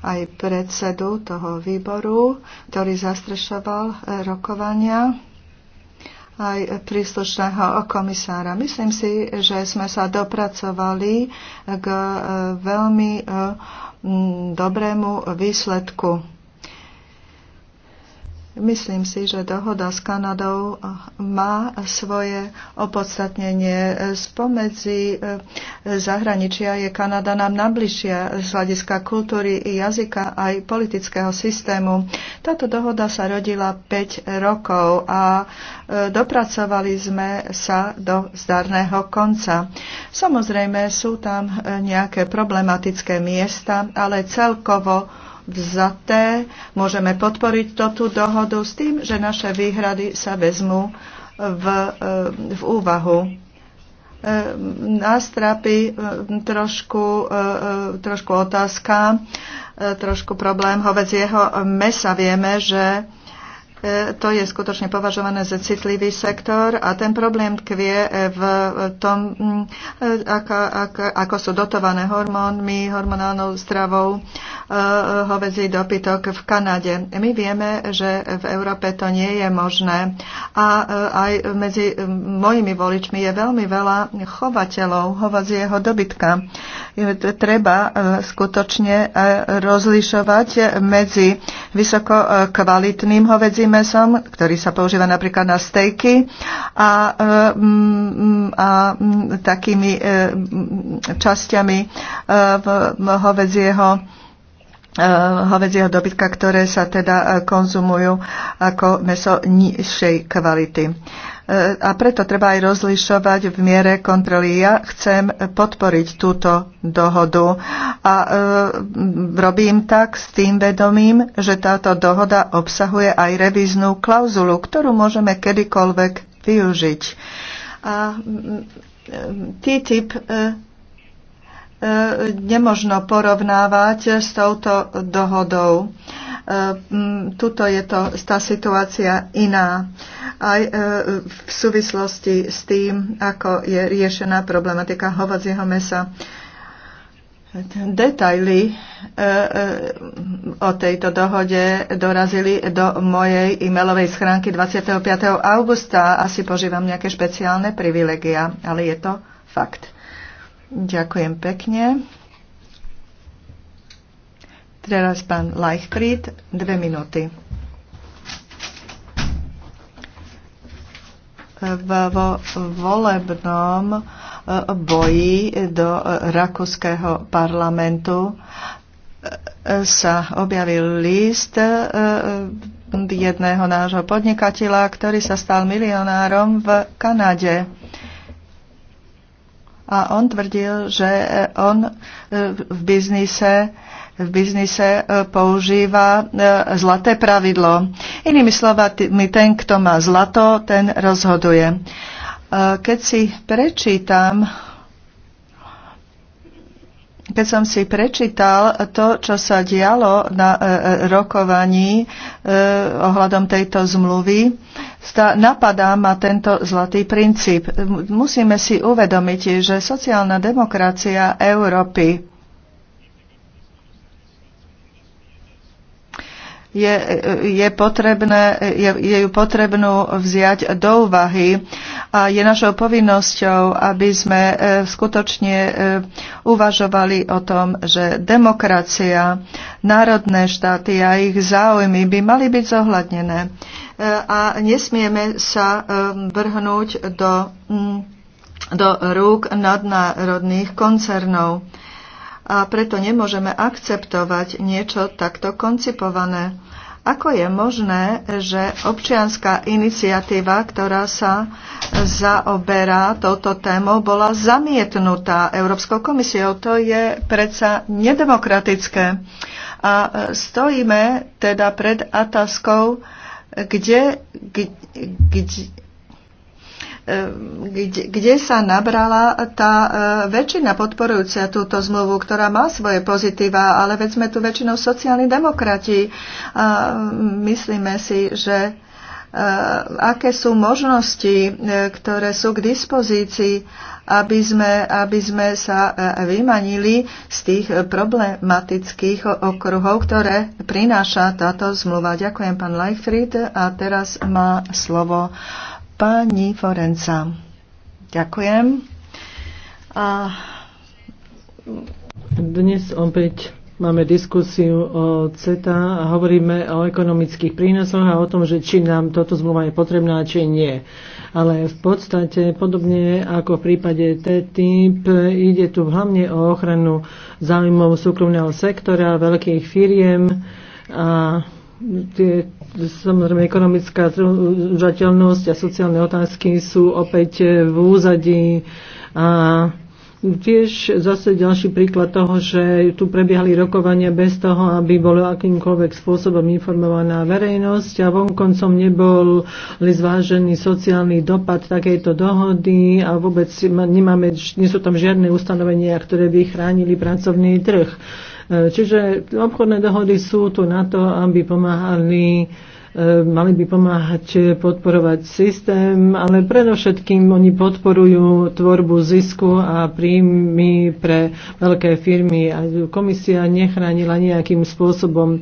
aj predsedu toho výboru, ktorý zastrešoval e, rokovania aj príslušného komisára. Myslím si, že sme sa dopracovali k e, veľmi e, dobrému výsledku. Myslím si, že dohoda s Kanadou má svoje opodstatnenie. Spomedzi e, zahraničia je Kanada nám najbližšia z hľadiska kultúry, i jazyka aj politického systému. Táto dohoda sa rodila 5 rokov a e, dopracovali sme sa do zdarného konca. Samozrejme sú tam e, nejaké problematické miesta, ale celkovo vzaté, môžeme podporiť toto dohodu s tým, že naše výhrady sa vezmú v, eh, v úvahu eh, nás trápi eh, trošku, trošku otázka, trošku problém jeho mesa. Vieme, že E, to je skutočne považované za citlivý sektor a ten problém tkvie e, v tom, ako, mm, e, ako, ako sú dotované hormónmi, hormonálnou stravou hovedzí dopytok v Kanade. My vieme, že v Európe to nie je možné a aj medzi mojimi voličmi je veľmi veľa chovateľov hovazieho dobytka. Treba skutočne rozlišovať medzi vysoko e, kvalitným hovedzím mesom, ktorý sa používa napríklad na stejky a, e, mm, a mm, takými e, mm, časťami hovedzieho hovedzieho dobytka, ktoré sa teda konzumujú ako meso nižšej kvality a preto treba aj rozlišovať v miere kontroly. Ja chcem podporiť túto dohodu a e, robím tak s tým vedomím, že táto dohoda obsahuje aj revíznú klauzulu, ktorú môžeme kedykoľvek využiť. A mm, TTIP e, e, nemožno porovnávať s touto dohodou. Ehm, tuto je to, tá situácia iná. Aj e, v súvislosti s tým, ako je riešená problematika hovadzieho mesa. Detaily e, e, o tejto dohode dorazili do mojej e-mailovej schránky 25. augusta. Asi požívam nejaké špeciálne privilegia, ale je to fakt. Ďakujem pekne. Teraz pán Leichfried, dve minúty. Vo volebnom e, boji do rakúskeho parlamentu e, sa objavil list e, jedného nášho podnikateľa, ktorý sa stal milionárom v Kanade. A on tvrdil, že on v biznise v biznise e, používa e, zlaté pravidlo. Inými slovami, ten, kto má zlato, ten rozhoduje. E, keď si prečítam keď som si prečítal to, čo sa dialo na rokovaní ohľadom tejto zmluvy, napadá ma tento zlatý princíp. Musíme si uvedomiť, že sociálna demokracia Európy je, je, potrebné, je, je ju potrebnú vziať do úvahy a je našou povinnosťou, aby sme e, skutočne e, uvažovali o tom, že demokracia, národné štáty a ich záujmy by mali byť zohľadnené e, a nesmieme sa vrhnúť do, do rúk nadnárodných koncernov a preto nemôžeme akceptovať niečo takto koncipované. Ako je možné, že občianská iniciatíva, ktorá sa zaoberá touto témou, bola zamietnutá Európskou komisiou? To je predsa nedemokratické. A stojíme teda pred otázkou, kde, kde, kde Ehm, kde, kde sa nabrala tá eh, väčšina podporujúcia túto zmluvu, ktorá má svoje pozitíva, ale veď sme tu väčšinou sociálni demokrati. A mm, myslíme si, že eh, aké sú možnosti, eh, ktoré sú k dispozícii, aby sme, aby sme sa vymanili z tých problematických okruhov, ktoré prináša táto zmluva. Ďakujem, pán Leifried A teraz má slovo Pani Forenca, ďakujem. A... Dnes opäť máme diskusiu o CETA a hovoríme o ekonomických prínosoch a o tom, že či nám toto zmluva je potrebná, či nie. Ale v podstate, podobne ako v prípade TTIP, ide tu hlavne o ochranu záujmov súkromného sektora, veľkých firiem a tie, samozrejme ekonomická užateľnosť a sociálne otázky sú opäť v úzadí a tiež zase ďalší príklad toho, že tu prebiehali rokovania bez toho, aby bolo akýmkoľvek spôsobom informovaná verejnosť a vonkoncom nebol zvážený sociálny dopad takejto dohody a vôbec nemáme, nie sú tam žiadne ustanovenia, ktoré by chránili pracovný trh. E, čiže obchodné dohody sú tu na to, aby pomáhali e, mali by pomáhať e, podporovať systém, ale predovšetkým oni podporujú tvorbu zisku a príjmy pre veľké firmy. A komisia nechránila nejakým spôsobom um,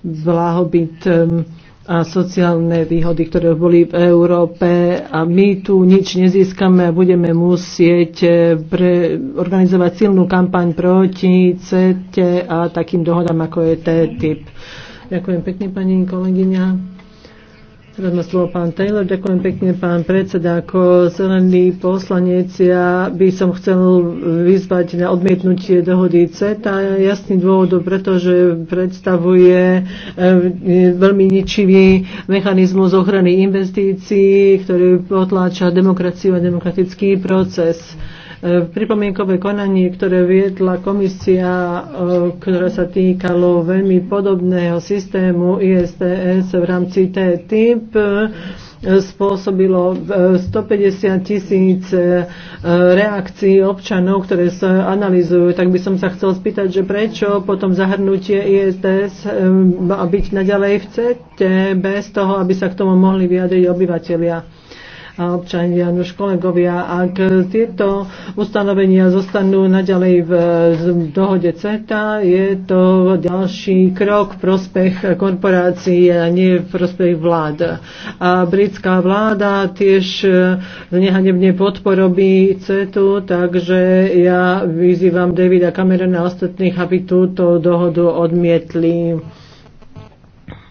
blahobyt um, a sociálne výhody, ktoré boli v Európe a my tu nič nezískame a budeme musieť eh, pre, organizovať silnú kampaň proti CT a takým dohodám, ako je TTIP. Ďakujem pekne, pani kolegyňa. Teraz slovo pán Taylor. Ďakujem pekne, pán predseda. Ako zelený poslanec ja by som chcel vyzvať na odmietnutie dohody CETA. Jasný dôvod, pretože predstavuje eh, veľmi ničivý mechanizmus ochrany investícií, ktorý potláča demokraciu a demokratický proces pripomienkové konanie, ktoré viedla komisia, e, ktorá sa týkalo veľmi podobného systému ISTS v rámci TTIP, e, spôsobilo 150 e, tisíc reakcií občanov, ktoré sa analizujú. Tak by som sa chcel spýtať, že prečo potom zahrnutie ISTS má byť naďalej v CT bez toho, aby sa k tomu mohli vyjadriť obyvateľia? a občania, už no kolegovia, ak tieto ustanovenia zostanú naďalej v dohode CETA, je to ďalší krok v prospech korporácií a nie v prospech vlád. A britská vláda tiež nehanebne podporobí CETU, takže ja vyzývam Davida Camerona a ostatných, aby túto dohodu odmietli.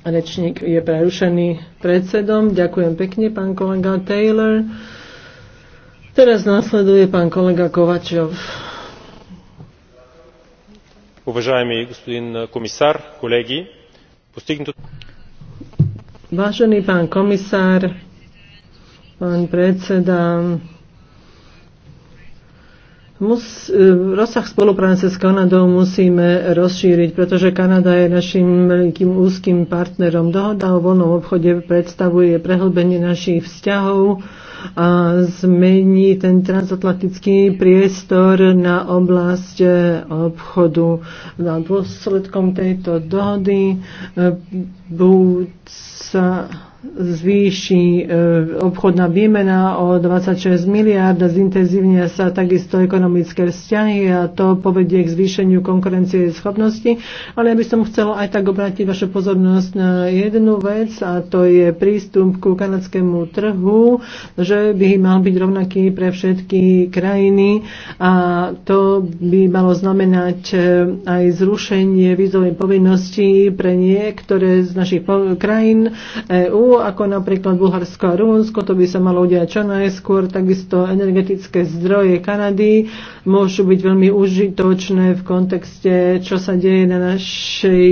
Rečník je prerušený predsedom. Ďakujem pekne, pán kolega Taylor. Teraz následuje pán kolega Kovačov. Уважаемый господин komisár, коллеги, postignutú... Vážený pán komisár, pán predseda, Mus, e, rozsah spolupráce s Kanadou musíme rozšíriť, pretože Kanada je našim veľkým úzkým partnerom. Dohoda o voľnom obchode predstavuje prehlbenie našich vzťahov a zmení ten transatlantický priestor na oblasť e, obchodu. Na no dôsledkom tejto dohody e, sa zvýši e, obchodná výmena o 26 miliard a zintenzívnia sa takisto ekonomické vzťahy a to povedie k zvýšeniu konkurencie schopnosti. Ale ja by som chcela aj tak obrátiť vašu pozornosť na jednu vec a to je prístup ku kanadskému trhu, že by mal byť rovnaký pre všetky krajiny a to by malo znamenať e, aj zrušenie vízovej povinnosti pre niektoré z našich krajín EU ako napríklad Bulharsko a Rumunsko, to by sa malo udiať čo najskôr, takisto energetické zdroje Kanady môžu byť veľmi užitočné v kontexte, čo sa deje na našej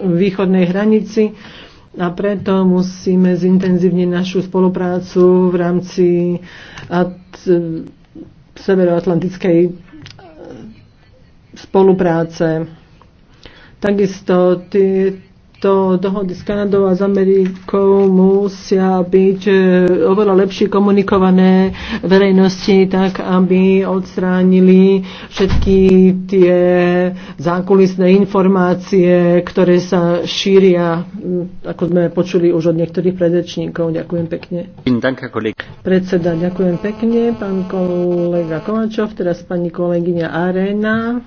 východnej hranici a preto musíme zintenzívniť našu spoluprácu v rámci severoatlantickej spolupráce. Takisto tie to dohody s Kanadou a s Amerikou musia byť e, oveľa lepšie komunikované verejnosti, tak aby odstránili všetky tie zákulisné informácie, ktoré sa šíria, ako sme počuli už od niektorých predrečníkov. Ďakujem pekne. Predseda, ďakujem pekne. Pán kolega Kovačov, teraz pani kolegyňa Arena.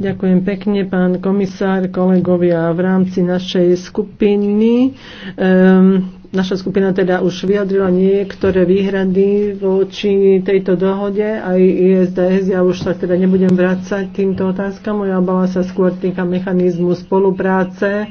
Ďakujem pekne, pán komisár, kolegovia. V rámci našej skupiny um, naša skupina teda už vyjadrila niektoré výhrady voči tejto dohode, aj ISDS, ja už sa teda nebudem vrácať týmto otázkam, moja obava sa skôr týka mechanizmu spolupráce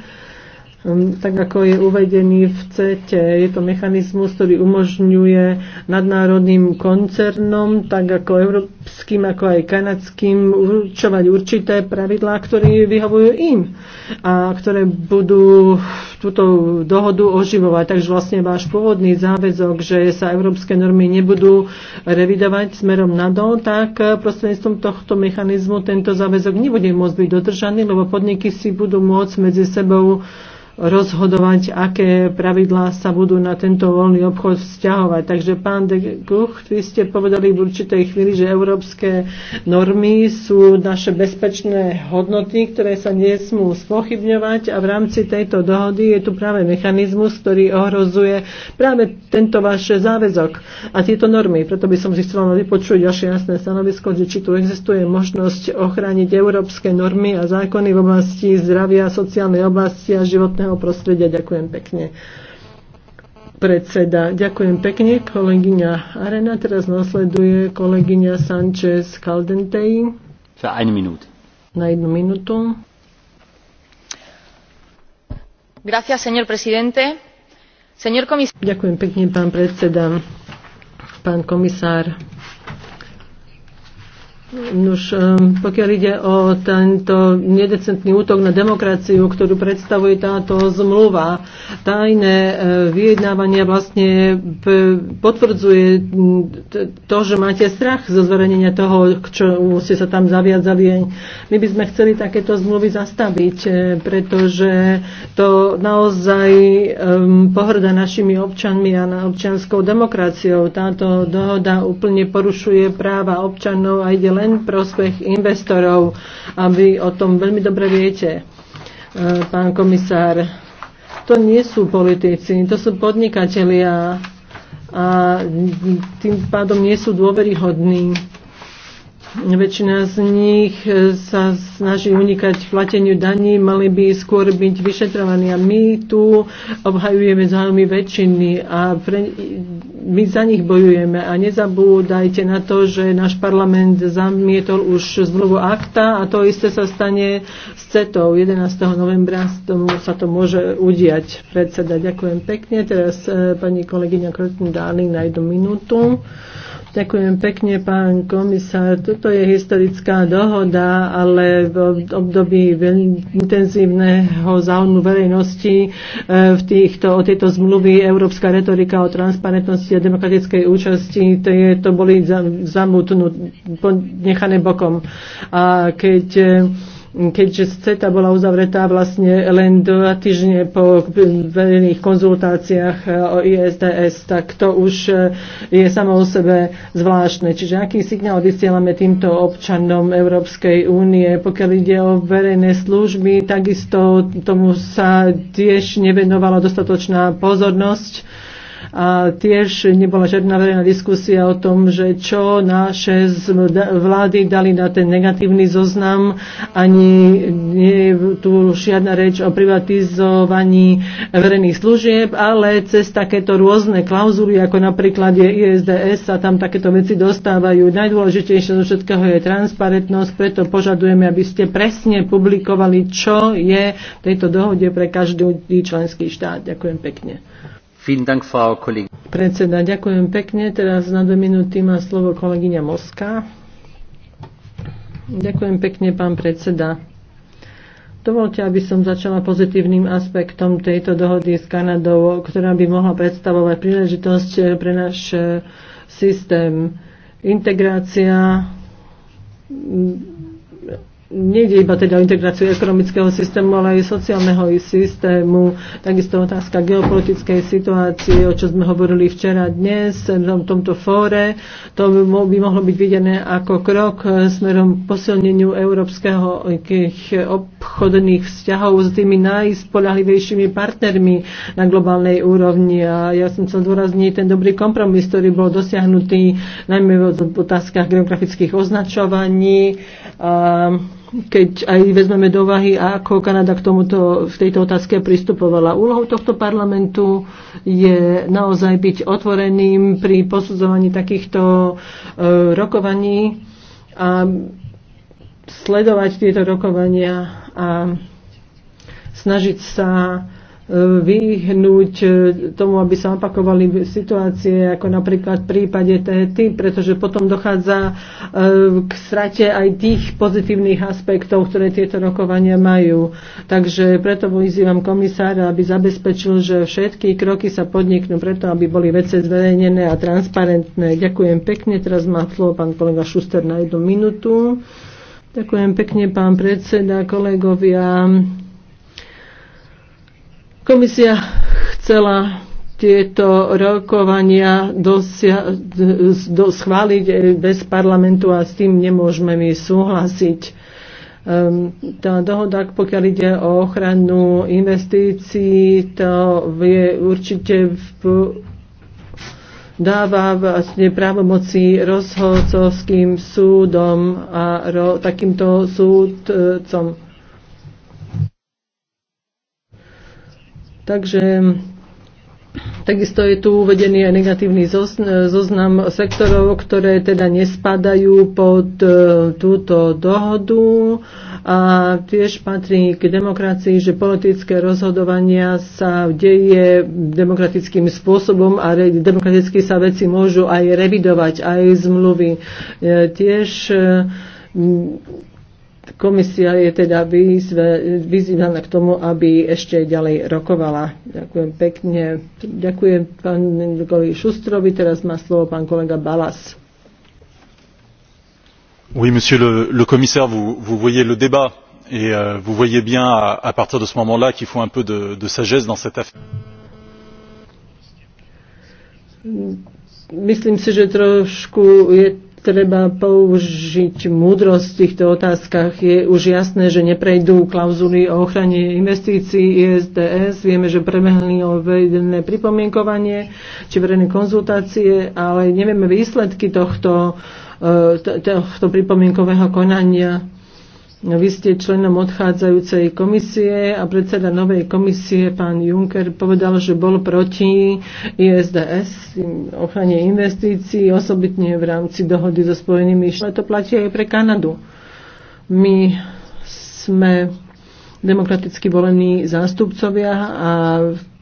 Hm, tak ako je uvedený v CETE. Je to mechanizmus, ktorý umožňuje nadnárodným koncernom, tak ako európskym, ako aj kanadským, určovať určité pravidlá, ktoré vyhovujú im a ktoré budú túto dohodu oživovať. Takže vlastne váš pôvodný záväzok, že sa európske normy nebudú revidovať smerom nadol, tak prostredníctvom tohto mechanizmu tento záväzok nebude môcť byť dodržaný, lebo podniky si budú môcť medzi sebou rozhodovať, aké pravidlá sa budú na tento voľný obchod vzťahovať. Takže pán de Kuch, vy ste povedali v určitej chvíli, že európske normy sú naše bezpečné hodnoty, ktoré sa nesmú spochybňovať a v rámci tejto dohody je tu práve mechanizmus, ktorý ohrozuje práve tento váš záväzok a tieto normy. Preto by som si chcela vypočuť vaše jasné stanovisko, že či tu existuje možnosť ochrániť európske normy a zákony v oblasti zdravia, sociálnej oblasti a životného životného prostredia. Ďakujem pekne predseda. Ďakujem pekne, kolegyňa Arena. Teraz nasleduje kolegyňa Sanchez Caldentei. Za jednu minútu. Na jednu minútu. Gracias, señor presidente. Señor comis- Ďakujem pekne, pán predseda, pán komisár. Nuž, ehm, pokiaľ ide o tento nedecentný útok na demokraciu, ktorú predstavuje táto zmluva, tajné eh, vyjednávania vlastne potvrdzuje to, že máte strach zo zverejnenia toho, k čomu ste sa tam zaviazali. My by sme chceli takéto zmluvy zastaviť, eh, pretože to naozaj ehm, pohrda našimi občanmi a na občianskou demokraciou. Táto dohoda úplne porušuje práva občanov a ide len prospech investorov a vy o tom veľmi dobre viete, e, pán komisár. To nie sú politici, to sú podnikatelia a tým pádom nie sú dôveryhodní väčšina z nich e, sa snaží unikať plateniu daní, mali by skôr byť vyšetrovaní. A my tu obhajujeme záujmy väčšiny a pre, my za nich bojujeme. A nezabúdajte na to, že náš parlament zamietol už zmluvu akta a to isté sa stane s CETou. 11. novembra tomu sa to môže udiať. Predseda, ďakujem pekne. Teraz e, pani kolegyňa Krotný Darling na jednu minútu. Ďakujem pekne, pán komisár. Toto je historická dohoda, ale v období veľmi intenzívneho záujmu verejnosti e, v týchto, o tejto zmluvy európska retorika o transparentnosti a demokratickej účasti, to, je, to boli zamutnú, nechané bokom. A keď e, keďže CETA bola uzavretá vlastne len dva týždne po verejných konzultáciách e, o ISDS, tak to už e, je samo o sebe zvláštne. Čiže aký signál vysielame týmto občanom Európskej únie, pokiaľ ide o verejné služby, takisto tomu sa tiež nevenovala dostatočná pozornosť a tiež nebola žiadna verejná diskusia o tom, že čo naše vlády dali na ten negatívny zoznam, ani nie je tu žiadna reč o privatizovaní verejných služieb, ale cez takéto rôzne klauzuly, ako napríklad je ISDS, sa tam takéto veci dostávajú. Najdôležitejšie zo všetkého je transparentnosť, preto požadujeme, aby ste presne publikovali, čo je v tejto dohode pre každý členský štát. Ďakujem pekne. Predseda, ďakujem pekne. Teraz na dve minúty má slovo kolegyňa Moska. Ďakujem pekne, pán predseda. Dovolte, aby som začala pozitívnym aspektom tejto dohody s Kanadou, ktorá by mohla predstavovať príležitosť pre náš eh, systém. Integrácia nejde iba teda o integráciu ekonomického systému, ale aj sociálneho systému. Takisto otázka geopolitickej situácie, o čo sme hovorili včera dnes v tomto fóre. To by mohlo byť videné ako krok smerom k posilneniu európskeho obchodných vzťahov s tými najspolahlivejšími partnermi na globálnej úrovni. A ja som chcel dôrazniť ten dobrý kompromis, ktorý bol dosiahnutý najmä v otázkach geografických označovaní. A keď aj vezmeme do vahy, ako Kanada k tomuto, v tejto otázke pristupovala. Úlohou tohto parlamentu je naozaj byť otvoreným pri posudzovaní takýchto e, rokovaní a sledovať tieto rokovania a snažiť sa vyhnúť e, tomu, aby sa opakovali situácie, ako napríklad v prípade TT, pretože potom dochádza e, k strate aj tých pozitívnych aspektov, ktoré tieto rokovania majú. Takže preto vyzývam komisára, aby zabezpečil, že všetky kroky sa podniknú preto, aby boli vece zverejnené a transparentné. Ďakujem pekne. Teraz má slovo pán kolega Šuster na jednu minútu. Ďakujem pekne, pán predseda, kolegovia. Komisia chcela tieto rokovania dosia, do, schváliť e, bez parlamentu a s tým nemôžeme my súhlasiť. Ehm, tá dohoda, pokiaľ ide o ochranu investícií, to je určite v, dáva vlastne právomoci rozhodcovským súdom a ro, takýmto súdcom Takže Takisto je tu uvedený aj negatívny zoznam sektorov, ktoré teda nespadajú pod e, túto dohodu a tiež patrí k demokracii, že politické rozhodovania sa deje demokratickým spôsobom a demokraticky sa veci môžu aj revidovať, aj zmluvy. E, tiež e, Komisia je teda vyzývaná k tomu, aby ešte ďalej rokovala. Ďakujem pekne. Ďakujem pánovi Šustrovi. Teraz má slovo pán kolega Balas. Oui, monsieur le, le commissaire, vous, vous voyez le débat et euh, vous voyez bien à, à partir de ce moment-là qu'il faut un peu de, de sagesse dans cette affaire. Myslím si, že trošku je treba použiť múdrosť v týchto otázkach. Je už jasné, že neprejdú klauzuly o ochrane investícií ISDS. Vieme, že prebehli o vedené pripomienkovanie či verejné konzultácie, ale nevieme výsledky tohto, e, tohto pripomienkového konania No, vy ste členom odchádzajúcej komisie a predseda novej komisie, pán Juncker, povedal, že bol proti ISDS, ochrane investícií, osobitne v rámci dohody so Spojenými štátmi. To platí aj pre Kanadu. My sme demokraticky volení zástupcovia a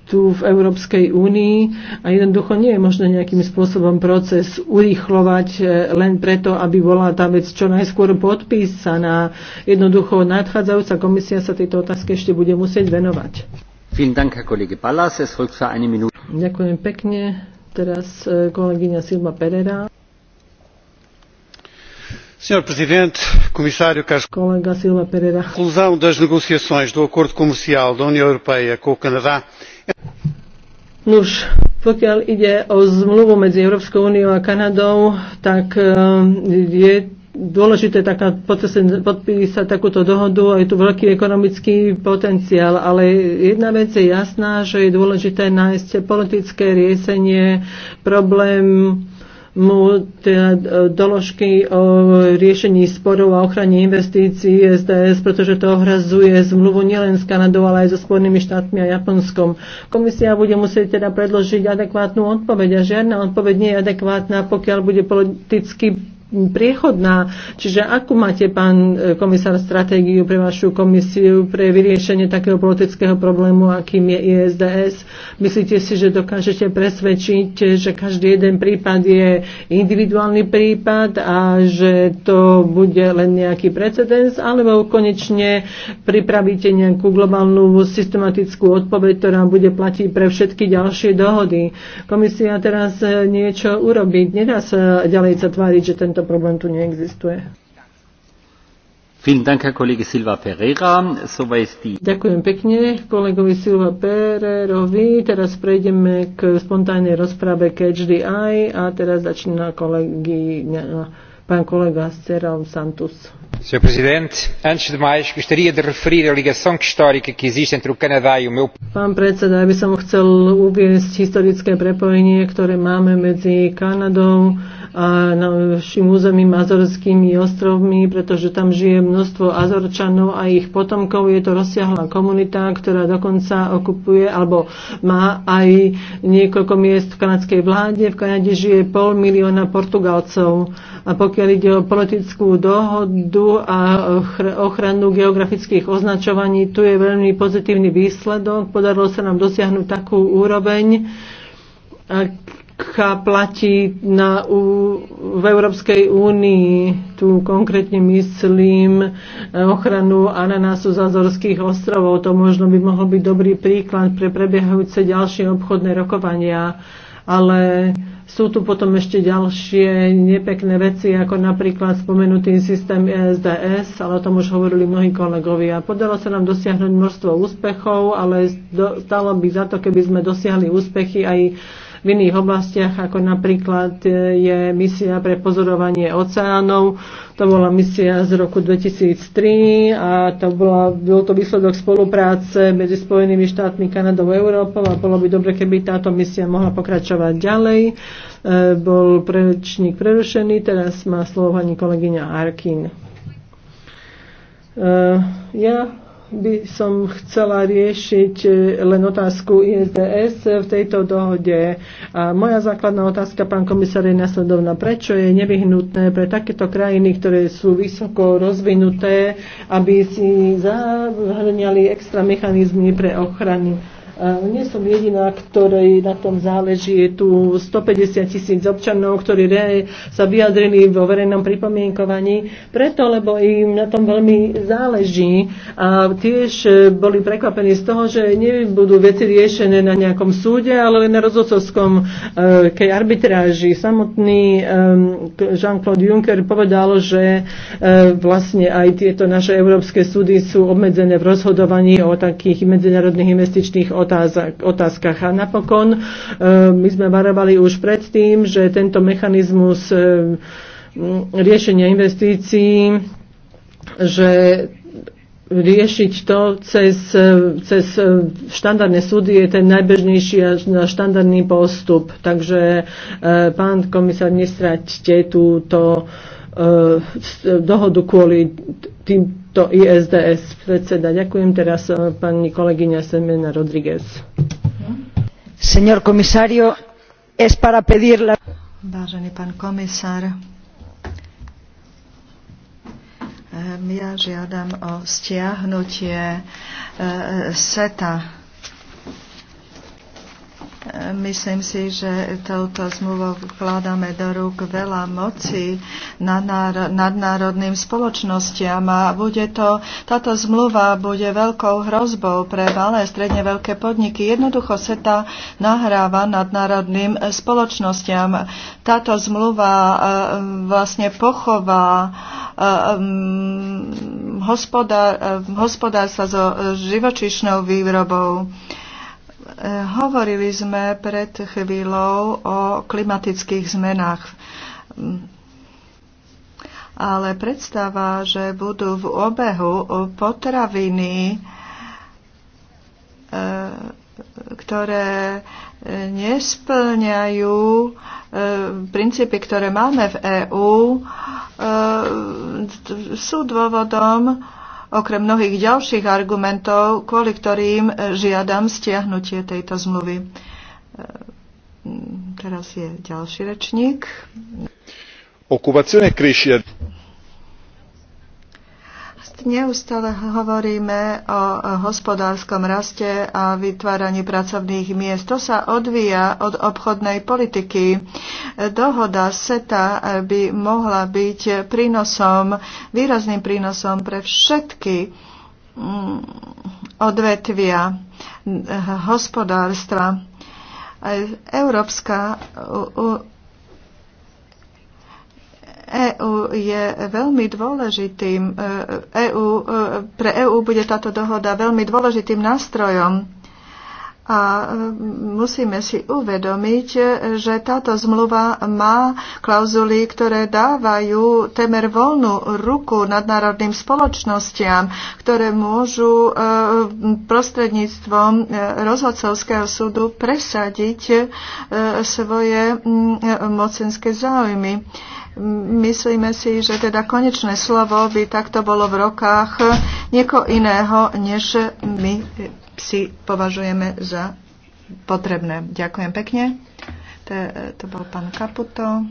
tu v Európskej únii a jednoducho nie je možné nejakým spôsobom proces urýchlovať e, len preto, aby bola tá vec čo najskôr podpísaná. Jednoducho nadchádzajúca komisia sa tejto otázke ešte bude musieť venovať. Ďakujem pekne. Teraz e, kolegyňa Silva Pereira. Senhor Presidente, Comissário Carlos Silva Pereira. conclusão das negociações do acordo comercial da União Europeia com o Canadá Nuž, pokiaľ ide o zmluvu medzi Európskou úniou a Kanadou, tak e, je dôležité taká, podpísať takúto dohodu, je tu veľký ekonomický potenciál, ale jedna vec je jasná, že je dôležité nájsť politické riešenie problém mu teda e, doložky o riešení sporov a ochrane investícií SDS, pretože to ohrazuje zmluvu nielen s Kanadou, ale aj so Spojenými štátmi a Japonskom. Komisia bude musieť teda predložiť adekvátnu odpoveď a žiadna odpoveď nie je adekvátna, pokiaľ bude politicky priechodná. Čiže akú máte, pán e, komisár, stratégiu pre vašu komisiu pre vyriešenie takého politického problému, akým je ISDS? Myslíte si, že dokážete presvedčiť, že každý jeden prípad je individuálny prípad a že to bude len nejaký precedens, alebo konečne pripravíte nejakú globálnu systematickú odpoveď, ktorá bude platiť pre všetky ďalšie dohody. Komisia teraz e, niečo urobiť. Nedá sa ďalej sa tváriť, že tento tento problém tu neexistuje. Ďakujem pekne kolegovi Silva Pererovi. Teraz prejdeme k spontánnej rozprave Catch the Eye a teraz začína kolegy, ne, pán kolega Serau Santus. Sr. Presidente, antes de mais, gostaria de referir a ligação histórica que existe entre o Canadá e o meu... Pán predseda, ja by som chcel uviesť historické prepojenie, ktoré máme medzi Kanadou a našim územím Azorskými ostrovmi, pretože tam žije množstvo Azorčanov a ich potomkov. Je to rozsiahla komunita, ktorá dokonca okupuje alebo má aj niekoľko miest v kanadskej vláde. V Kanade žije pol milióna Portugalcov. A pokiaľ ide o politickú dohodu a ochranu geografických označovaní, tu je veľmi pozitívny výsledok. Podarilo sa nám dosiahnuť takú úroveň, aká platí na, u, v Európskej únii. Tu konkrétne myslím eh, ochranu ananásu z Azorských ostrovov. To možno by mohol byť dobrý príklad pre prebiehajúce ďalšie obchodné rokovania. Ale sú tu potom ešte ďalšie nepekné veci, ako napríklad spomenutý systém ESDS, ale o tom už hovorili mnohí kolegovia. Podalo sa nám dosiahnuť množstvo úspechov, ale stalo by za to, keby sme dosiahli úspechy aj v iných oblastiach, ako napríklad e, je misia pre pozorovanie oceánov. To bola misia z roku 2003 a to bola, bol to výsledok spolupráce medzi Spojenými štátmi, Kanadou a Európou a bolo by dobre, keby táto misia mohla pokračovať ďalej. E, bol prečník prerušený, teraz má slovo pani kolegyňa Arkin. E, ja by som chcela riešiť e, len otázku ISDS v tejto dohode. A moja základná otázka, pán komisár, je nasledovná. Prečo je nevyhnutné pre takéto krajiny, ktoré sú vysoko rozvinuté, aby si zahrňali extra mechanizmy pre ochranu nie som jediná, ktorej na tom záleží. Je tu 150 tisíc občanov, ktorí re, sa vyjadrili vo verejnom pripomienkovaní, preto, lebo im na tom veľmi záleží. A tiež e, boli prekvapení z toho, že nebudú veci riešené na nejakom súde, ale len na rozhodcovskom e, kej arbitráži. Samotný e, Jean-Claude Juncker povedal, že vlastne aj tieto naše európske súdy sú obmedzené v rozhodovaní o takých medzinárodných investičných otázkach otázach, otázkach. A napokon e, my sme varovali už predtým, že tento mechanizmus e, riešenia investícií, že riešiť to cez, e, cez štandardné súdy je ten najbežnejší a štandardný postup. Takže pán komisár, nestraťte túto dohodu kvôli týmto ISDS predseda. Ďakujem teraz eh, pani kolegyňa Semena Rodriguez. Señor komisario, es para pedir la... Vážený pán komisár, eh, ja žiadam o stiahnutie eh, SETA Myslím si, že touto zmluvou vkladáme do rúk veľa moci nadnárodným spoločnostiam a bude to, táto zmluva bude veľkou hrozbou pre malé, stredne veľké podniky. Jednoducho tá nahráva nadnárodným spoločnostiam. Táto zmluva e, vlastne pochová e, mm, e, hospodárstva so živočišnou výrobou. E, hovorili sme pred chvíľou o klimatických zmenách ale predstava, že budú v obehu potraviny, e, ktoré nesplňajú e, princípy, ktoré máme v EÚ, sú dôvodom, okrem mnohých ďalších argumentov, kvôli ktorým e, žiadam stiahnutie tejto zmluvy. E, teraz je ďalší rečník. Okupazione e Neustále hovoríme o hospodárskom raste a vytváraní pracovných miest. To sa odvíja od obchodnej politiky. Dohoda SETA by mohla byť prínosom, výrazným prínosom pre všetky mm, odvetvia mm, hospodárstva. Európska EÚ je veľmi dôležitým, EU, e e, pre EÚ bude táto dohoda veľmi dôležitým nástrojom a e, musíme si uvedomiť, že táto zmluva má klauzuly, ktoré dávajú temer voľnú ruku nadnárodným spoločnostiam, ktoré môžu prostredníctvom rozhodcovského súdu presadiť svoje mocenské záujmy. Myslíme si, že teda konečné slovo by takto bolo v rokách nieko iného, než my si považujeme za potrebné. Ďakujem pekne. To, to bol pán Kaputo.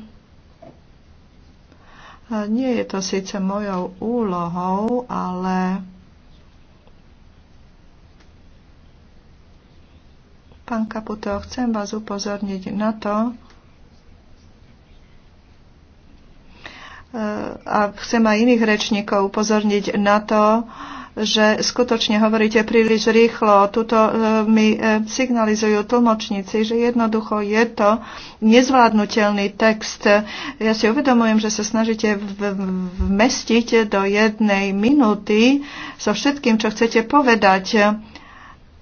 Nie je to síce mojou úlohou, ale pán Kaputo, chcem vás upozorniť na to, a chcem aj iných rečníkov upozorniť na to, že skutočne hovoríte príliš rýchlo. Tuto e, mi e, signalizujú tlmočníci, že jednoducho je to nezvládnutelný text. Ja si uvedomujem, že sa snažíte vmestiť do jednej minúty so všetkým, čo chcete povedať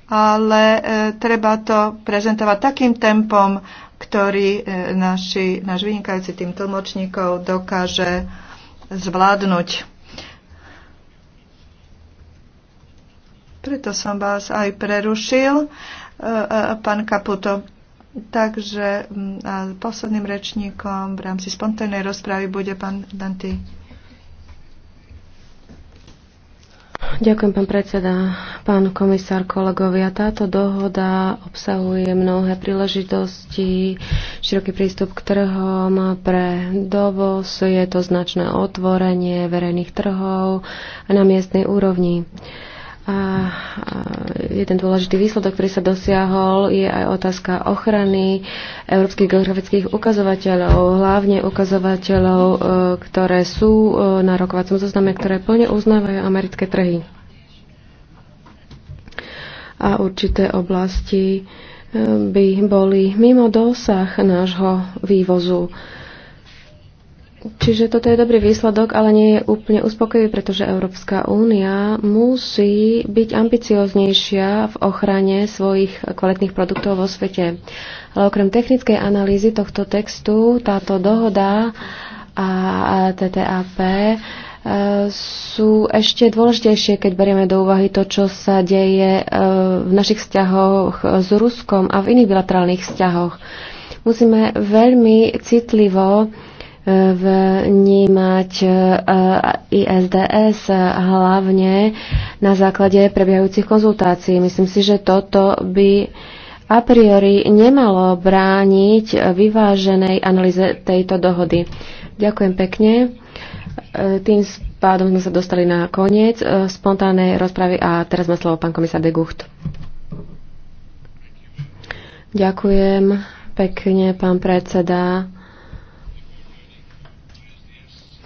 ale e, treba to prezentovať takým tempom, ktorý e, naši, náš vynikajúci tým tlmočníkov dokáže zvládnuť. Preto som vás aj prerušil, e, e, pán Kaputo. Takže mm, posledným rečníkom v rámci spontánnej rozpravy bude pán Danty. Ďakujem, pán predseda, pán komisár, kolegovia. Táto dohoda obsahuje mnohé príležitosti, široký prístup k trhom pre dovoz, je to značné otvorenie verejných trhov na miestnej úrovni. A e, jeden dôležitý výsledok, ktorý sa dosiahol, je aj otázka ochrany európskych geografických ukazovateľov, hlavne ukazovateľov, e, ktoré sú e, na rokovacom zozname, ktoré plne uznávajú americké trhy a určité oblasti by boli mimo dosah nášho vývozu. Čiže toto je dobrý výsledok, ale nie je úplne uspokojivý, pretože Európska únia musí byť ambicioznejšia v ochrane svojich kvalitných produktov vo svete. Ale okrem technickej analýzy tohto textu, táto dohoda a TTAP e, sú ešte dôležitejšie, keď berieme do úvahy to, čo sa deje e, v našich vzťahoch s Ruskom a v iných bilaterálnych vzťahoch. Musíme veľmi citlivo vnímať e, e, ISDS hlavne na základe prebiehajúcich konzultácií. Myslím si, že toto by a priori nemalo brániť vyváženej analýze tejto dohody. Ďakujem pekne. E, tým pádom sme sa dostali na koniec spontánnej rozpravy a teraz má slovo pán komisár de Gucht. Ďakujem pekne, pán predseda.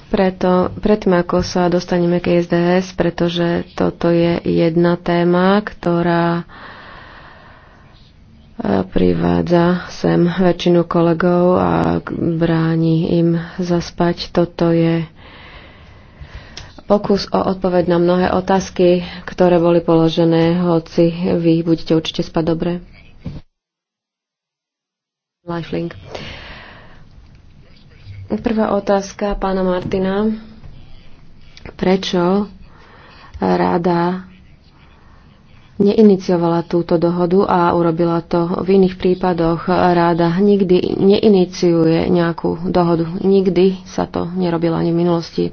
Preto, predtým, ako sa dostaneme k SDS, pretože toto je jedna téma, ktorá e, privádza sem väčšinu kolegov a bráni im zaspať. Toto je pokus o odpoveď na mnohé otázky, ktoré boli položené, hoci vy budete určite spať dobre. Lifelink. Uh, Prvá otázka pána Martina. Prečo rada neiniciovala túto dohodu a urobila to v iných prípadoch. Ráda nikdy neiniciuje nejakú dohodu. Nikdy sa to nerobilo ani v minulosti.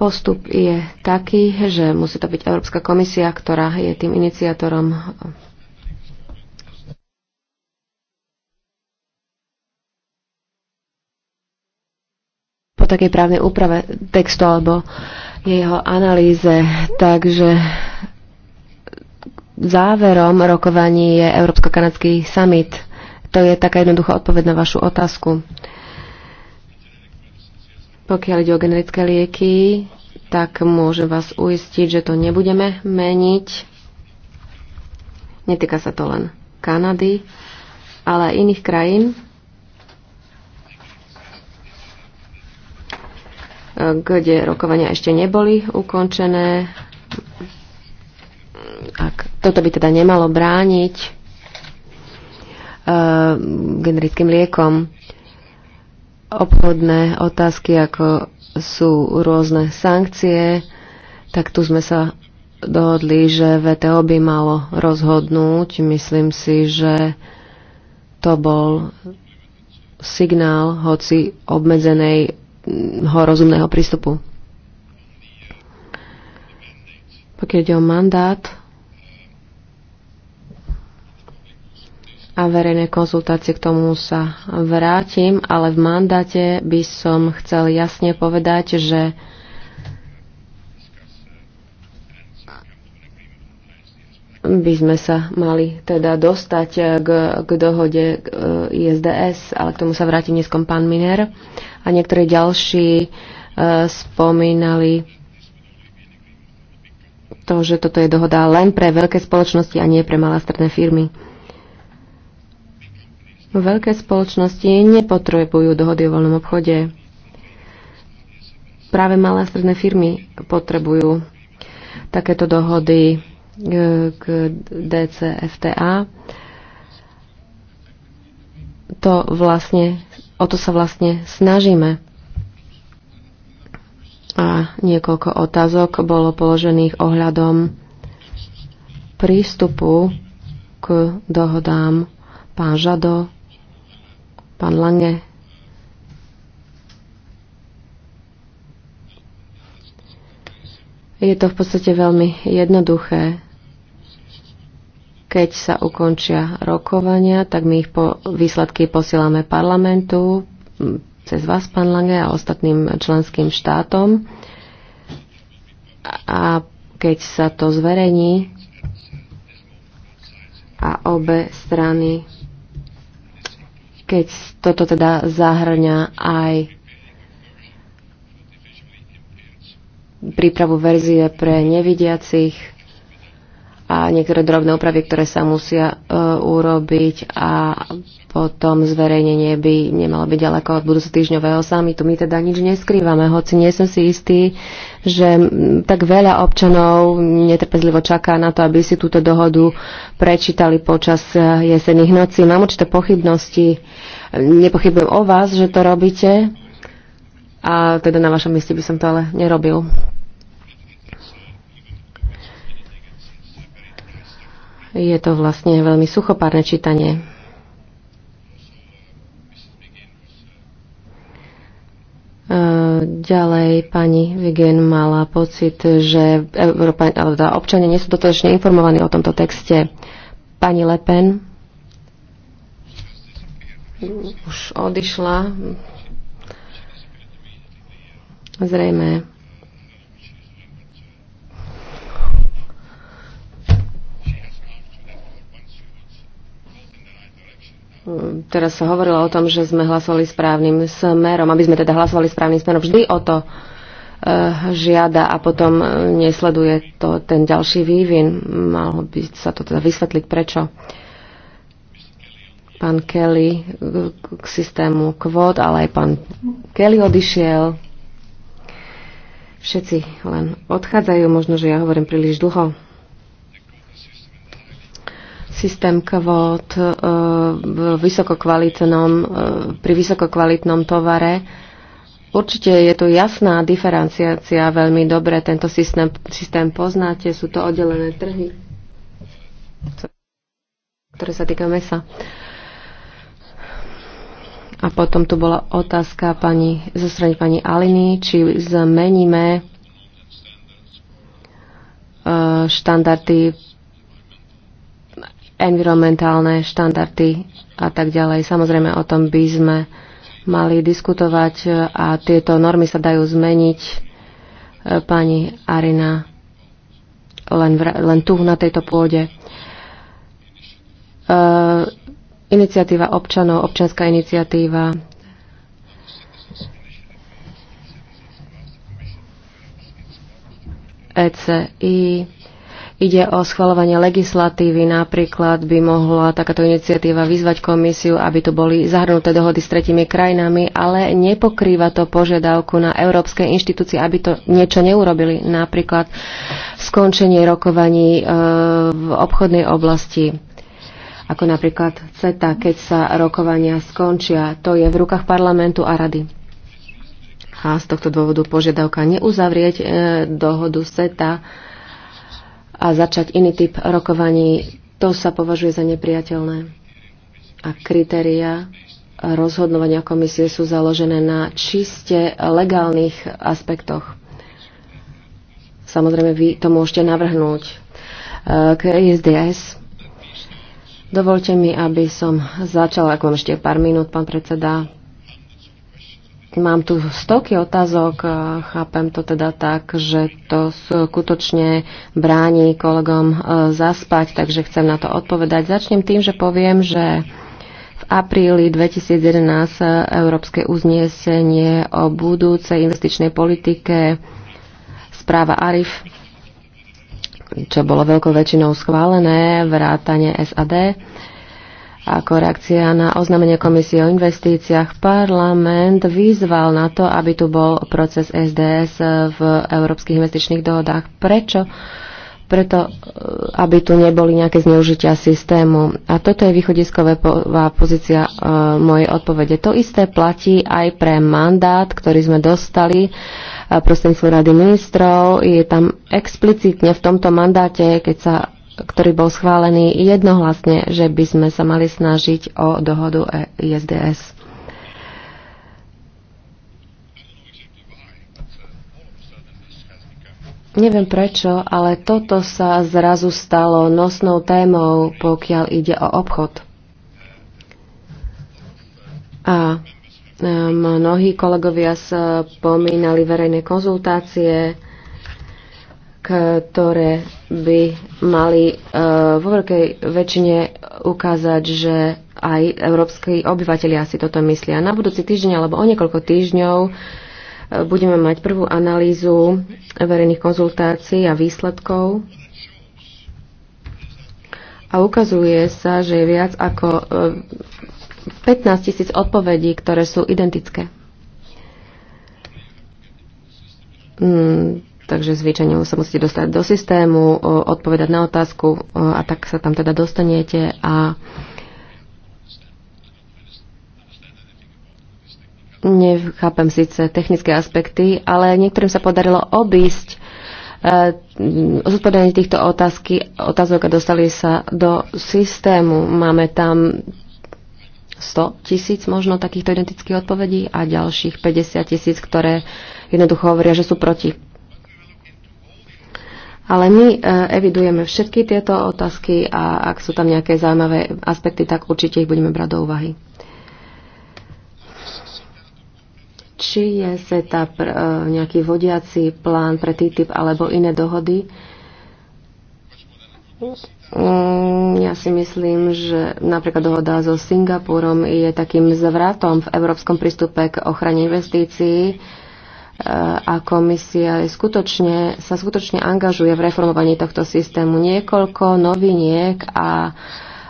Postup je taký, že musí to byť Európska komisia, ktorá je tým iniciátorom po takej právnej úprave textu alebo jeho analýze. Takže záverom rokovaní je Európsko-kanadský summit. To je taká jednoduchá odpoveď na vašu otázku. Pokiaľ ide o generické lieky, tak môžem vás uistiť, že to nebudeme meniť. Netýka sa to len Kanady, ale aj iných krajín. kde rokovania ešte neboli ukončené. Ak toto by teda nemalo brániť e, generickým liekom obchodné otázky, ako sú rôzne sankcie, tak tu sme sa dohodli, že VTO by malo rozhodnúť. Myslím si, že to bol signál, hoci obmedzenej nejakého hm, rozumného prístupu. Pokiaľ ide o mandát a verejné konzultácie, k tomu sa vrátim, ale v mandáte by som chcel jasne povedať, že by sme sa mali teda dostať k, k dohode k e, ISDS, ale k tomu sa vráti dneskom pán Miner. Uh, a niektorí ďalší e, spomínali to, že toto je dohoda len pre veľké spoločnosti a nie pre malé stredné firmy. Veľké spoločnosti nepotrebujú dohody o voľnom obchode. Práve malé a stredné firmy potrebujú takéto dohody e, k DCFTA. To vlastne o to sa vlastne snažíme. A niekoľko otázok bolo položených ohľadom prístupu k dohodám pán Žado, pán Lange. Je to v podstate veľmi jednoduché. Keď sa ukončia rokovania, tak my ich po, výsledky posielame parlamentu, cez vás, pán Lange, a ostatným členským štátom. A keď sa to zverejní a obe strany, keď toto teda zahrňa aj prípravu verzie pre nevidiacich, a niektoré drobné úpravy, ktoré sa musia uh, urobiť a potom zverejnenie by nemalo byť ďaleko od budúce týždňového samitu. My teda nič neskrývame, hoci nie som si istý, že tak veľa občanov netrpezlivo čaká na to, aby si túto dohodu prečítali počas e, jesenných nocí. Mám určité pochybnosti, nepochybujem o vás, že to robíte a teda na vašom mieste by som to ale nerobil. Je to vlastne veľmi suchopárne čítanie. E, ďalej pani Vigen mala pocit, že Európa, teda občania nie sú dotočne informovaní o tomto texte. Pani Le Pen už odišla. Zrejme teraz sa hovorilo o tom, že sme hlasovali správnym smerom, aby sme teda hlasovali správnym smerom. Vždy o to eh, žiada a potom eh, nesleduje to ten ďalší vývin. Malo by sa to teda vysvetliť prečo. Pán Kelly eh, k systému kvót, ale aj pán Kelly odišiel. Všetci len odchádzajú, možno, že ja hovorím príliš dlho systém kvót e, v vysokokvalitnom, e, pri vysokokvalitnom tovare. Určite je tu jasná diferenciácia, veľmi dobre tento systém, systém poznáte, sú to oddelené trhy, ktoré sa týka mesa. A potom tu bola otázka pani, zo strany pani Aliny, či zmeníme e, štandardy environmentálne štandardy a tak ďalej. Samozrejme, o tom by sme mali diskutovať a tieto normy sa dajú zmeniť. E, pani Arina len, v, len tu na tejto pôde. Uh, iniciatíva občanov, občanská iniciatíva. ECI Ide o schvalovanie legislatívy. Napríklad by mohla takáto iniciatíva vyzvať komisiu, aby tu boli zahrnuté dohody s tretimi krajinami, ale nepokrýva to požiadavku na európske inštitúcie, aby to niečo neurobili. Napríklad skončenie rokovaní e, v obchodnej oblasti ako napríklad CETA, keď sa rokovania skončia. To je v rukách parlamentu a rady. A z tohto dôvodu požiadavka neuzavrieť e, dohodu CETA a začať iný typ rokovaní, to sa považuje za nepriateľné. A kritéria rozhodnovania komisie sú založené na čiste legálnych aspektoch. Samozrejme, vy to môžete navrhnúť k ISDS. Dovolte mi, aby som začala, ako mám ešte pár minút, pán predseda, Mám tu stoky otázok, chápem to teda tak, že to skutočne bráni kolegom e, zaspať, takže chcem na to odpovedať. Začnem tým, že poviem, že v apríli 2011 Európske uznesenie o budúcej investičnej politike správa ARIF, čo bolo veľkou väčšinou schválené, vrátane SAD, ako reakcia na oznámenie komisie o investíciách parlament vyzval na to, aby tu bol proces SDS v európskych investičných dohodách. Prečo? Preto, e, aby tu neboli nejaké zneužitia systému. A toto je východisková pozícia e, mojej odpovede. To isté platí aj pre mandát, ktorý sme dostali e, prostredníctvom Rady ministrov. Je tam explicitne v tomto mandáte, keď sa ktorý bol schválený jednohlasne, že by sme sa mali snažiť o dohodu e- ISDS. Neviem prečo, ale toto sa zrazu stalo nosnou témou, pokiaľ ide o obchod. A e, mnohí kolegovia spomínali verejné konzultácie, ktoré by mali e, vo veľkej väčšine ukázať, že aj európsky obyvateľia si toto myslia. Na budúci týždeň alebo o niekoľko týždňov e, budeme mať prvú analýzu verejných konzultácií a výsledkov. A ukazuje sa, že je viac ako 15 e, tisíc odpovedí, ktoré sú identické hmm, takže zvyčajne sa musíte dostať do systému, odpovedať na otázku a tak sa tam teda dostanete a nechápem síce technické aspekty, ale niektorým sa podarilo obísť e, zodpovedanie týchto otázky, otázok a dostali sa do systému. Máme tam 100 tisíc možno takýchto identických odpovedí a ďalších 50 tisíc, ktoré jednoducho hovoria, že sú proti ale my e, evidujeme všetky tieto otázky a ak sú tam nejaké zaujímavé aspekty, tak určite ich budeme brať do úvahy. Či je SETA e, nejaký vodiaci plán pre TTIP alebo iné dohody? Mm, ja si myslím, že napríklad dohoda so Singapurom je takým zvratom v európskom prístupe k ochrane investícií a komisia skutočne, sa skutočne angažuje v reformovaní tohto systému. Niekoľko noviniek a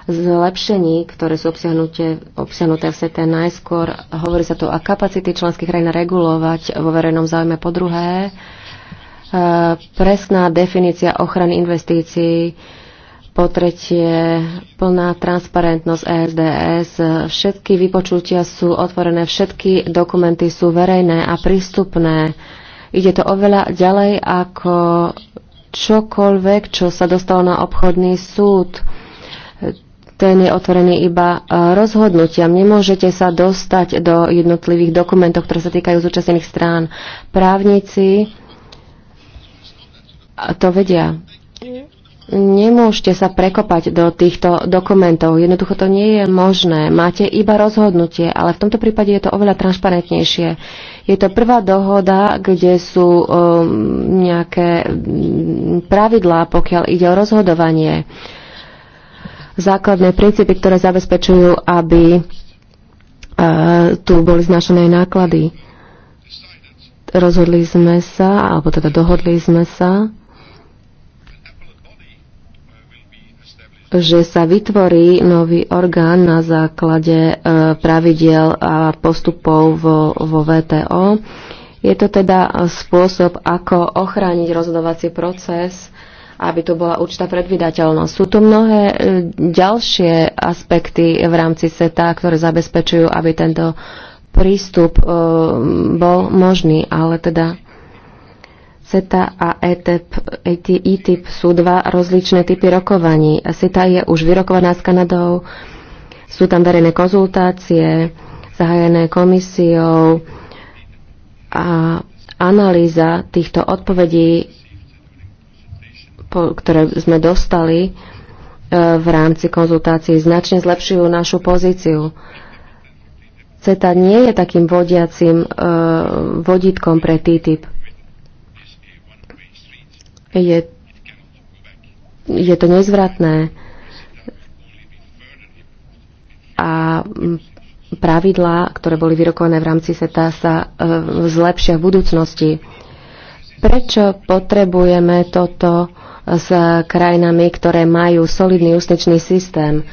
zlepšení, ktoré sú obsiahnuté, obsiahnuté v CT najskôr. Hovorí sa tu o kapacity členských krajín regulovať vo verejnom záujme. Po druhé, e, presná definícia ochrany investícií po tretie, plná transparentnosť ESDS. Všetky vypočutia sú otvorené, všetky dokumenty sú verejné a prístupné. Ide to oveľa ďalej ako čokoľvek, čo sa dostalo na obchodný súd. Ten je otvorený iba rozhodnutiam. Nemôžete sa dostať do jednotlivých dokumentov, ktoré sa týkajú zúčastnených strán. Právnici to vedia Nemôžete sa prekopať do týchto dokumentov. Jednoducho to nie je možné. Máte iba rozhodnutie, ale v tomto prípade je to oveľa transparentnejšie. Je to prvá dohoda, kde sú um, nejaké mm, pravidlá, pokiaľ ide o rozhodovanie. Základné princípy, ktoré zabezpečujú, aby uh, tu boli znašené náklady. Rozhodli sme sa, alebo teda dohodli sme sa, že sa vytvorí nový orgán na základe e, pravidiel a postupov vo, vo VTO. Je to teda spôsob, ako ochrániť rozhodovací proces, aby tu bola určitá predvydateľnosť. Sú tu mnohé e, ďalšie aspekty v rámci SETA, ktoré zabezpečujú, aby tento prístup e, bol možný, ale teda CETA a ETIP, ETIP e sú dva rozličné typy rokovaní. CETA je už vyrokovaná s Kanadou, sú tam verejné konzultácie, zahajené komisiou a analýza týchto odpovedí, ktoré sme dostali, e, v rámci konzultácií značne zlepšujú našu pozíciu. CETA nie je takým vodiacim e, vodítkom pre TTIP. Je, je to nezvratné. A pravidlá, ktoré boli vyrokované v rámci SETA, sa e, zlepšia v budúcnosti. Prečo potrebujeme toto s krajinami, ktoré majú solidný ústečný systém?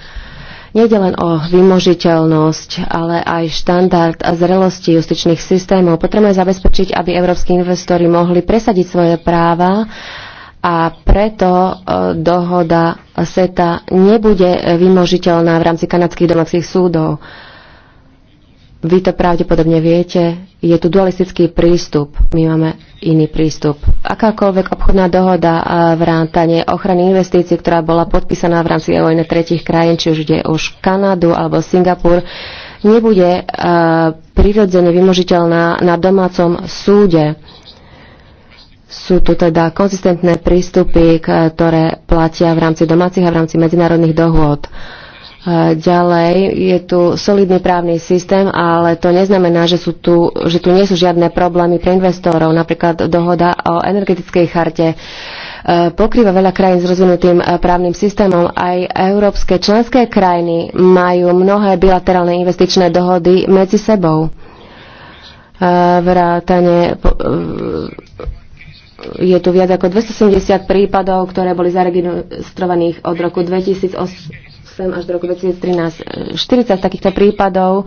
Nejde len o vymožiteľnosť, ale aj štandard a zrelosti justičných systémov. Potrebujeme zabezpečiť, aby európsky investori mohli presadiť svoje práva a preto e, dohoda SETA nebude e, vymožiteľná v rámci kanadských domácich súdov. Vy to pravdepodobne viete, je tu dualistický prístup, my máme iný prístup. Akákoľvek obchodná dohoda e, v rámci ochrany investícií, ktorá bola podpísaná v rámci EU tretich krajín, či už ide už Kanadu alebo Singapur, nebude prirodzene vymožiteľná na domácom súde sú tu teda konzistentné prístupy, ktoré platia v rámci domácich a v rámci medzinárodných dohôd. E, ďalej je tu solidný právny systém, ale to neznamená, že, sú tu, že tu nie sú žiadne problémy pre investorov. Napríklad dohoda o energetickej charte e, pokrýva veľa krajín s rozvinutým e, právnym systémom. Aj európske členské krajiny majú mnohé bilaterálne investičné dohody medzi sebou. Vrátane je tu viac ako 270 prípadov, ktoré boli zaregistrovaných od roku 2008 až do roku 2013. 40 takýchto prípadov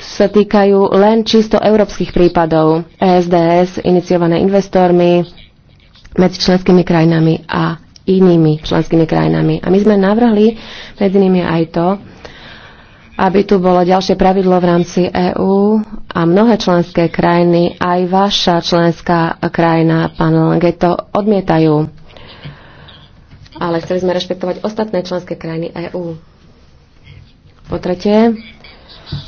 sa týkajú len čisto európskych prípadov ESDS, iniciované investormi medzi členskými krajinami a inými členskými krajinami. A my sme navrhli medzi nimi aj to, aby tu bolo ďalšie pravidlo v rámci EÚ a mnohé členské krajiny, aj vaša členská krajina, pán Langeto, odmietajú. Ale chceli sme rešpektovať ostatné členské krajiny EÚ. Po tretie,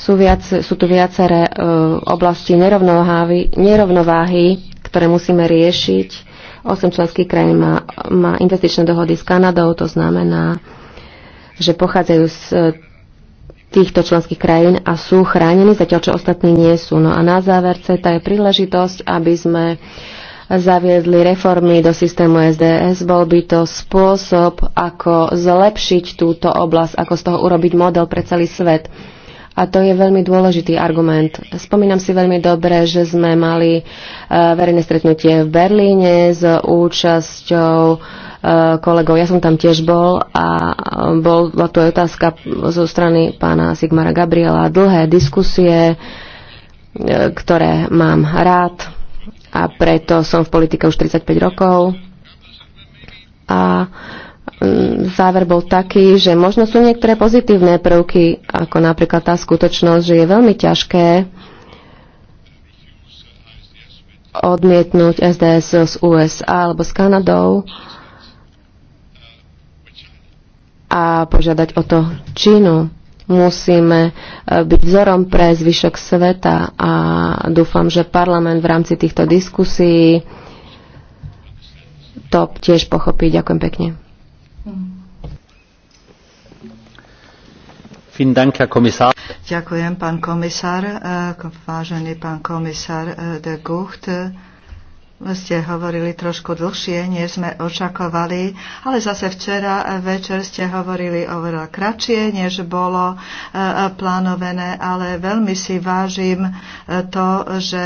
sú, viac, sú tu viaceré uh, oblasti nerovnováhy, nerovnováhy, ktoré musíme riešiť. Osem členských krajín má, má investičné dohody s Kanadou, to znamená, že pochádzajú z týchto členských krajín a sú chránení, zatiaľ čo ostatní nie sú. No a na záver CETA je príležitosť, aby sme zaviedli reformy do systému SDS. Bol by to spôsob, ako zlepšiť túto oblasť, ako z toho urobiť model pre celý svet. A to je veľmi dôležitý argument. Spomínam si veľmi dobre, že sme mali eh, verejné stretnutie v Berlíne s účasťou kolegov. Ja som tam tiež bol a bola tu aj otázka zo strany pána Sigmara Gabriela. Dlhé diskusie, e, ktoré mám rád a preto som v politike už 35 rokov. A záver bol taký, že možno sú niektoré pozitívne prvky, ako napríklad tá skutočnosť, že je veľmi ťažké odmietnúť SDS z USA alebo s Kanadou a požiadať o to Čínu. Musíme e, byť vzorom pre zvyšok sveta a dúfam, že parlament v rámci týchto diskusí to tiež pochopí. Ďakujem pekne. Ďakujem, pán komisár. E, vážený pán komisár e, de Gucht, ste hovorili trošku dlhšie, než sme očakovali, ale zase včera večer ste hovorili oveľa kratšie, než bolo e, e, plánované, ale veľmi si vážim e, to, že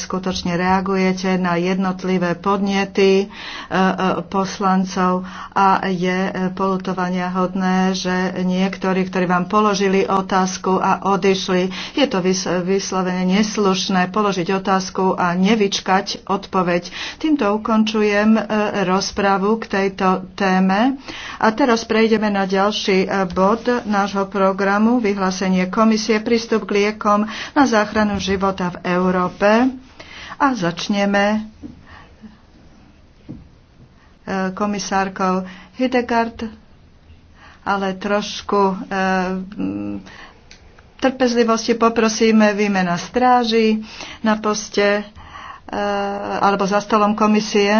skutočne reagujete na jednotlivé podnety poslancov a je polutovania hodné, že niektorí, ktorí vám položili otázku a odišli, je to vyslovene neslušné položiť otázku a nevyčkať odpovedť odpoveď. Týmto ukončujem e, rozpravu k tejto téme. A teraz prejdeme na ďalší e, bod nášho programu, vyhlásenie komisie prístup k liekom na záchranu života v Európe. A začneme e, komisárkou Hidegard, ale trošku trpezlivosti poprosíme výmena stráži na poste. Eh, alebo za stolom komisie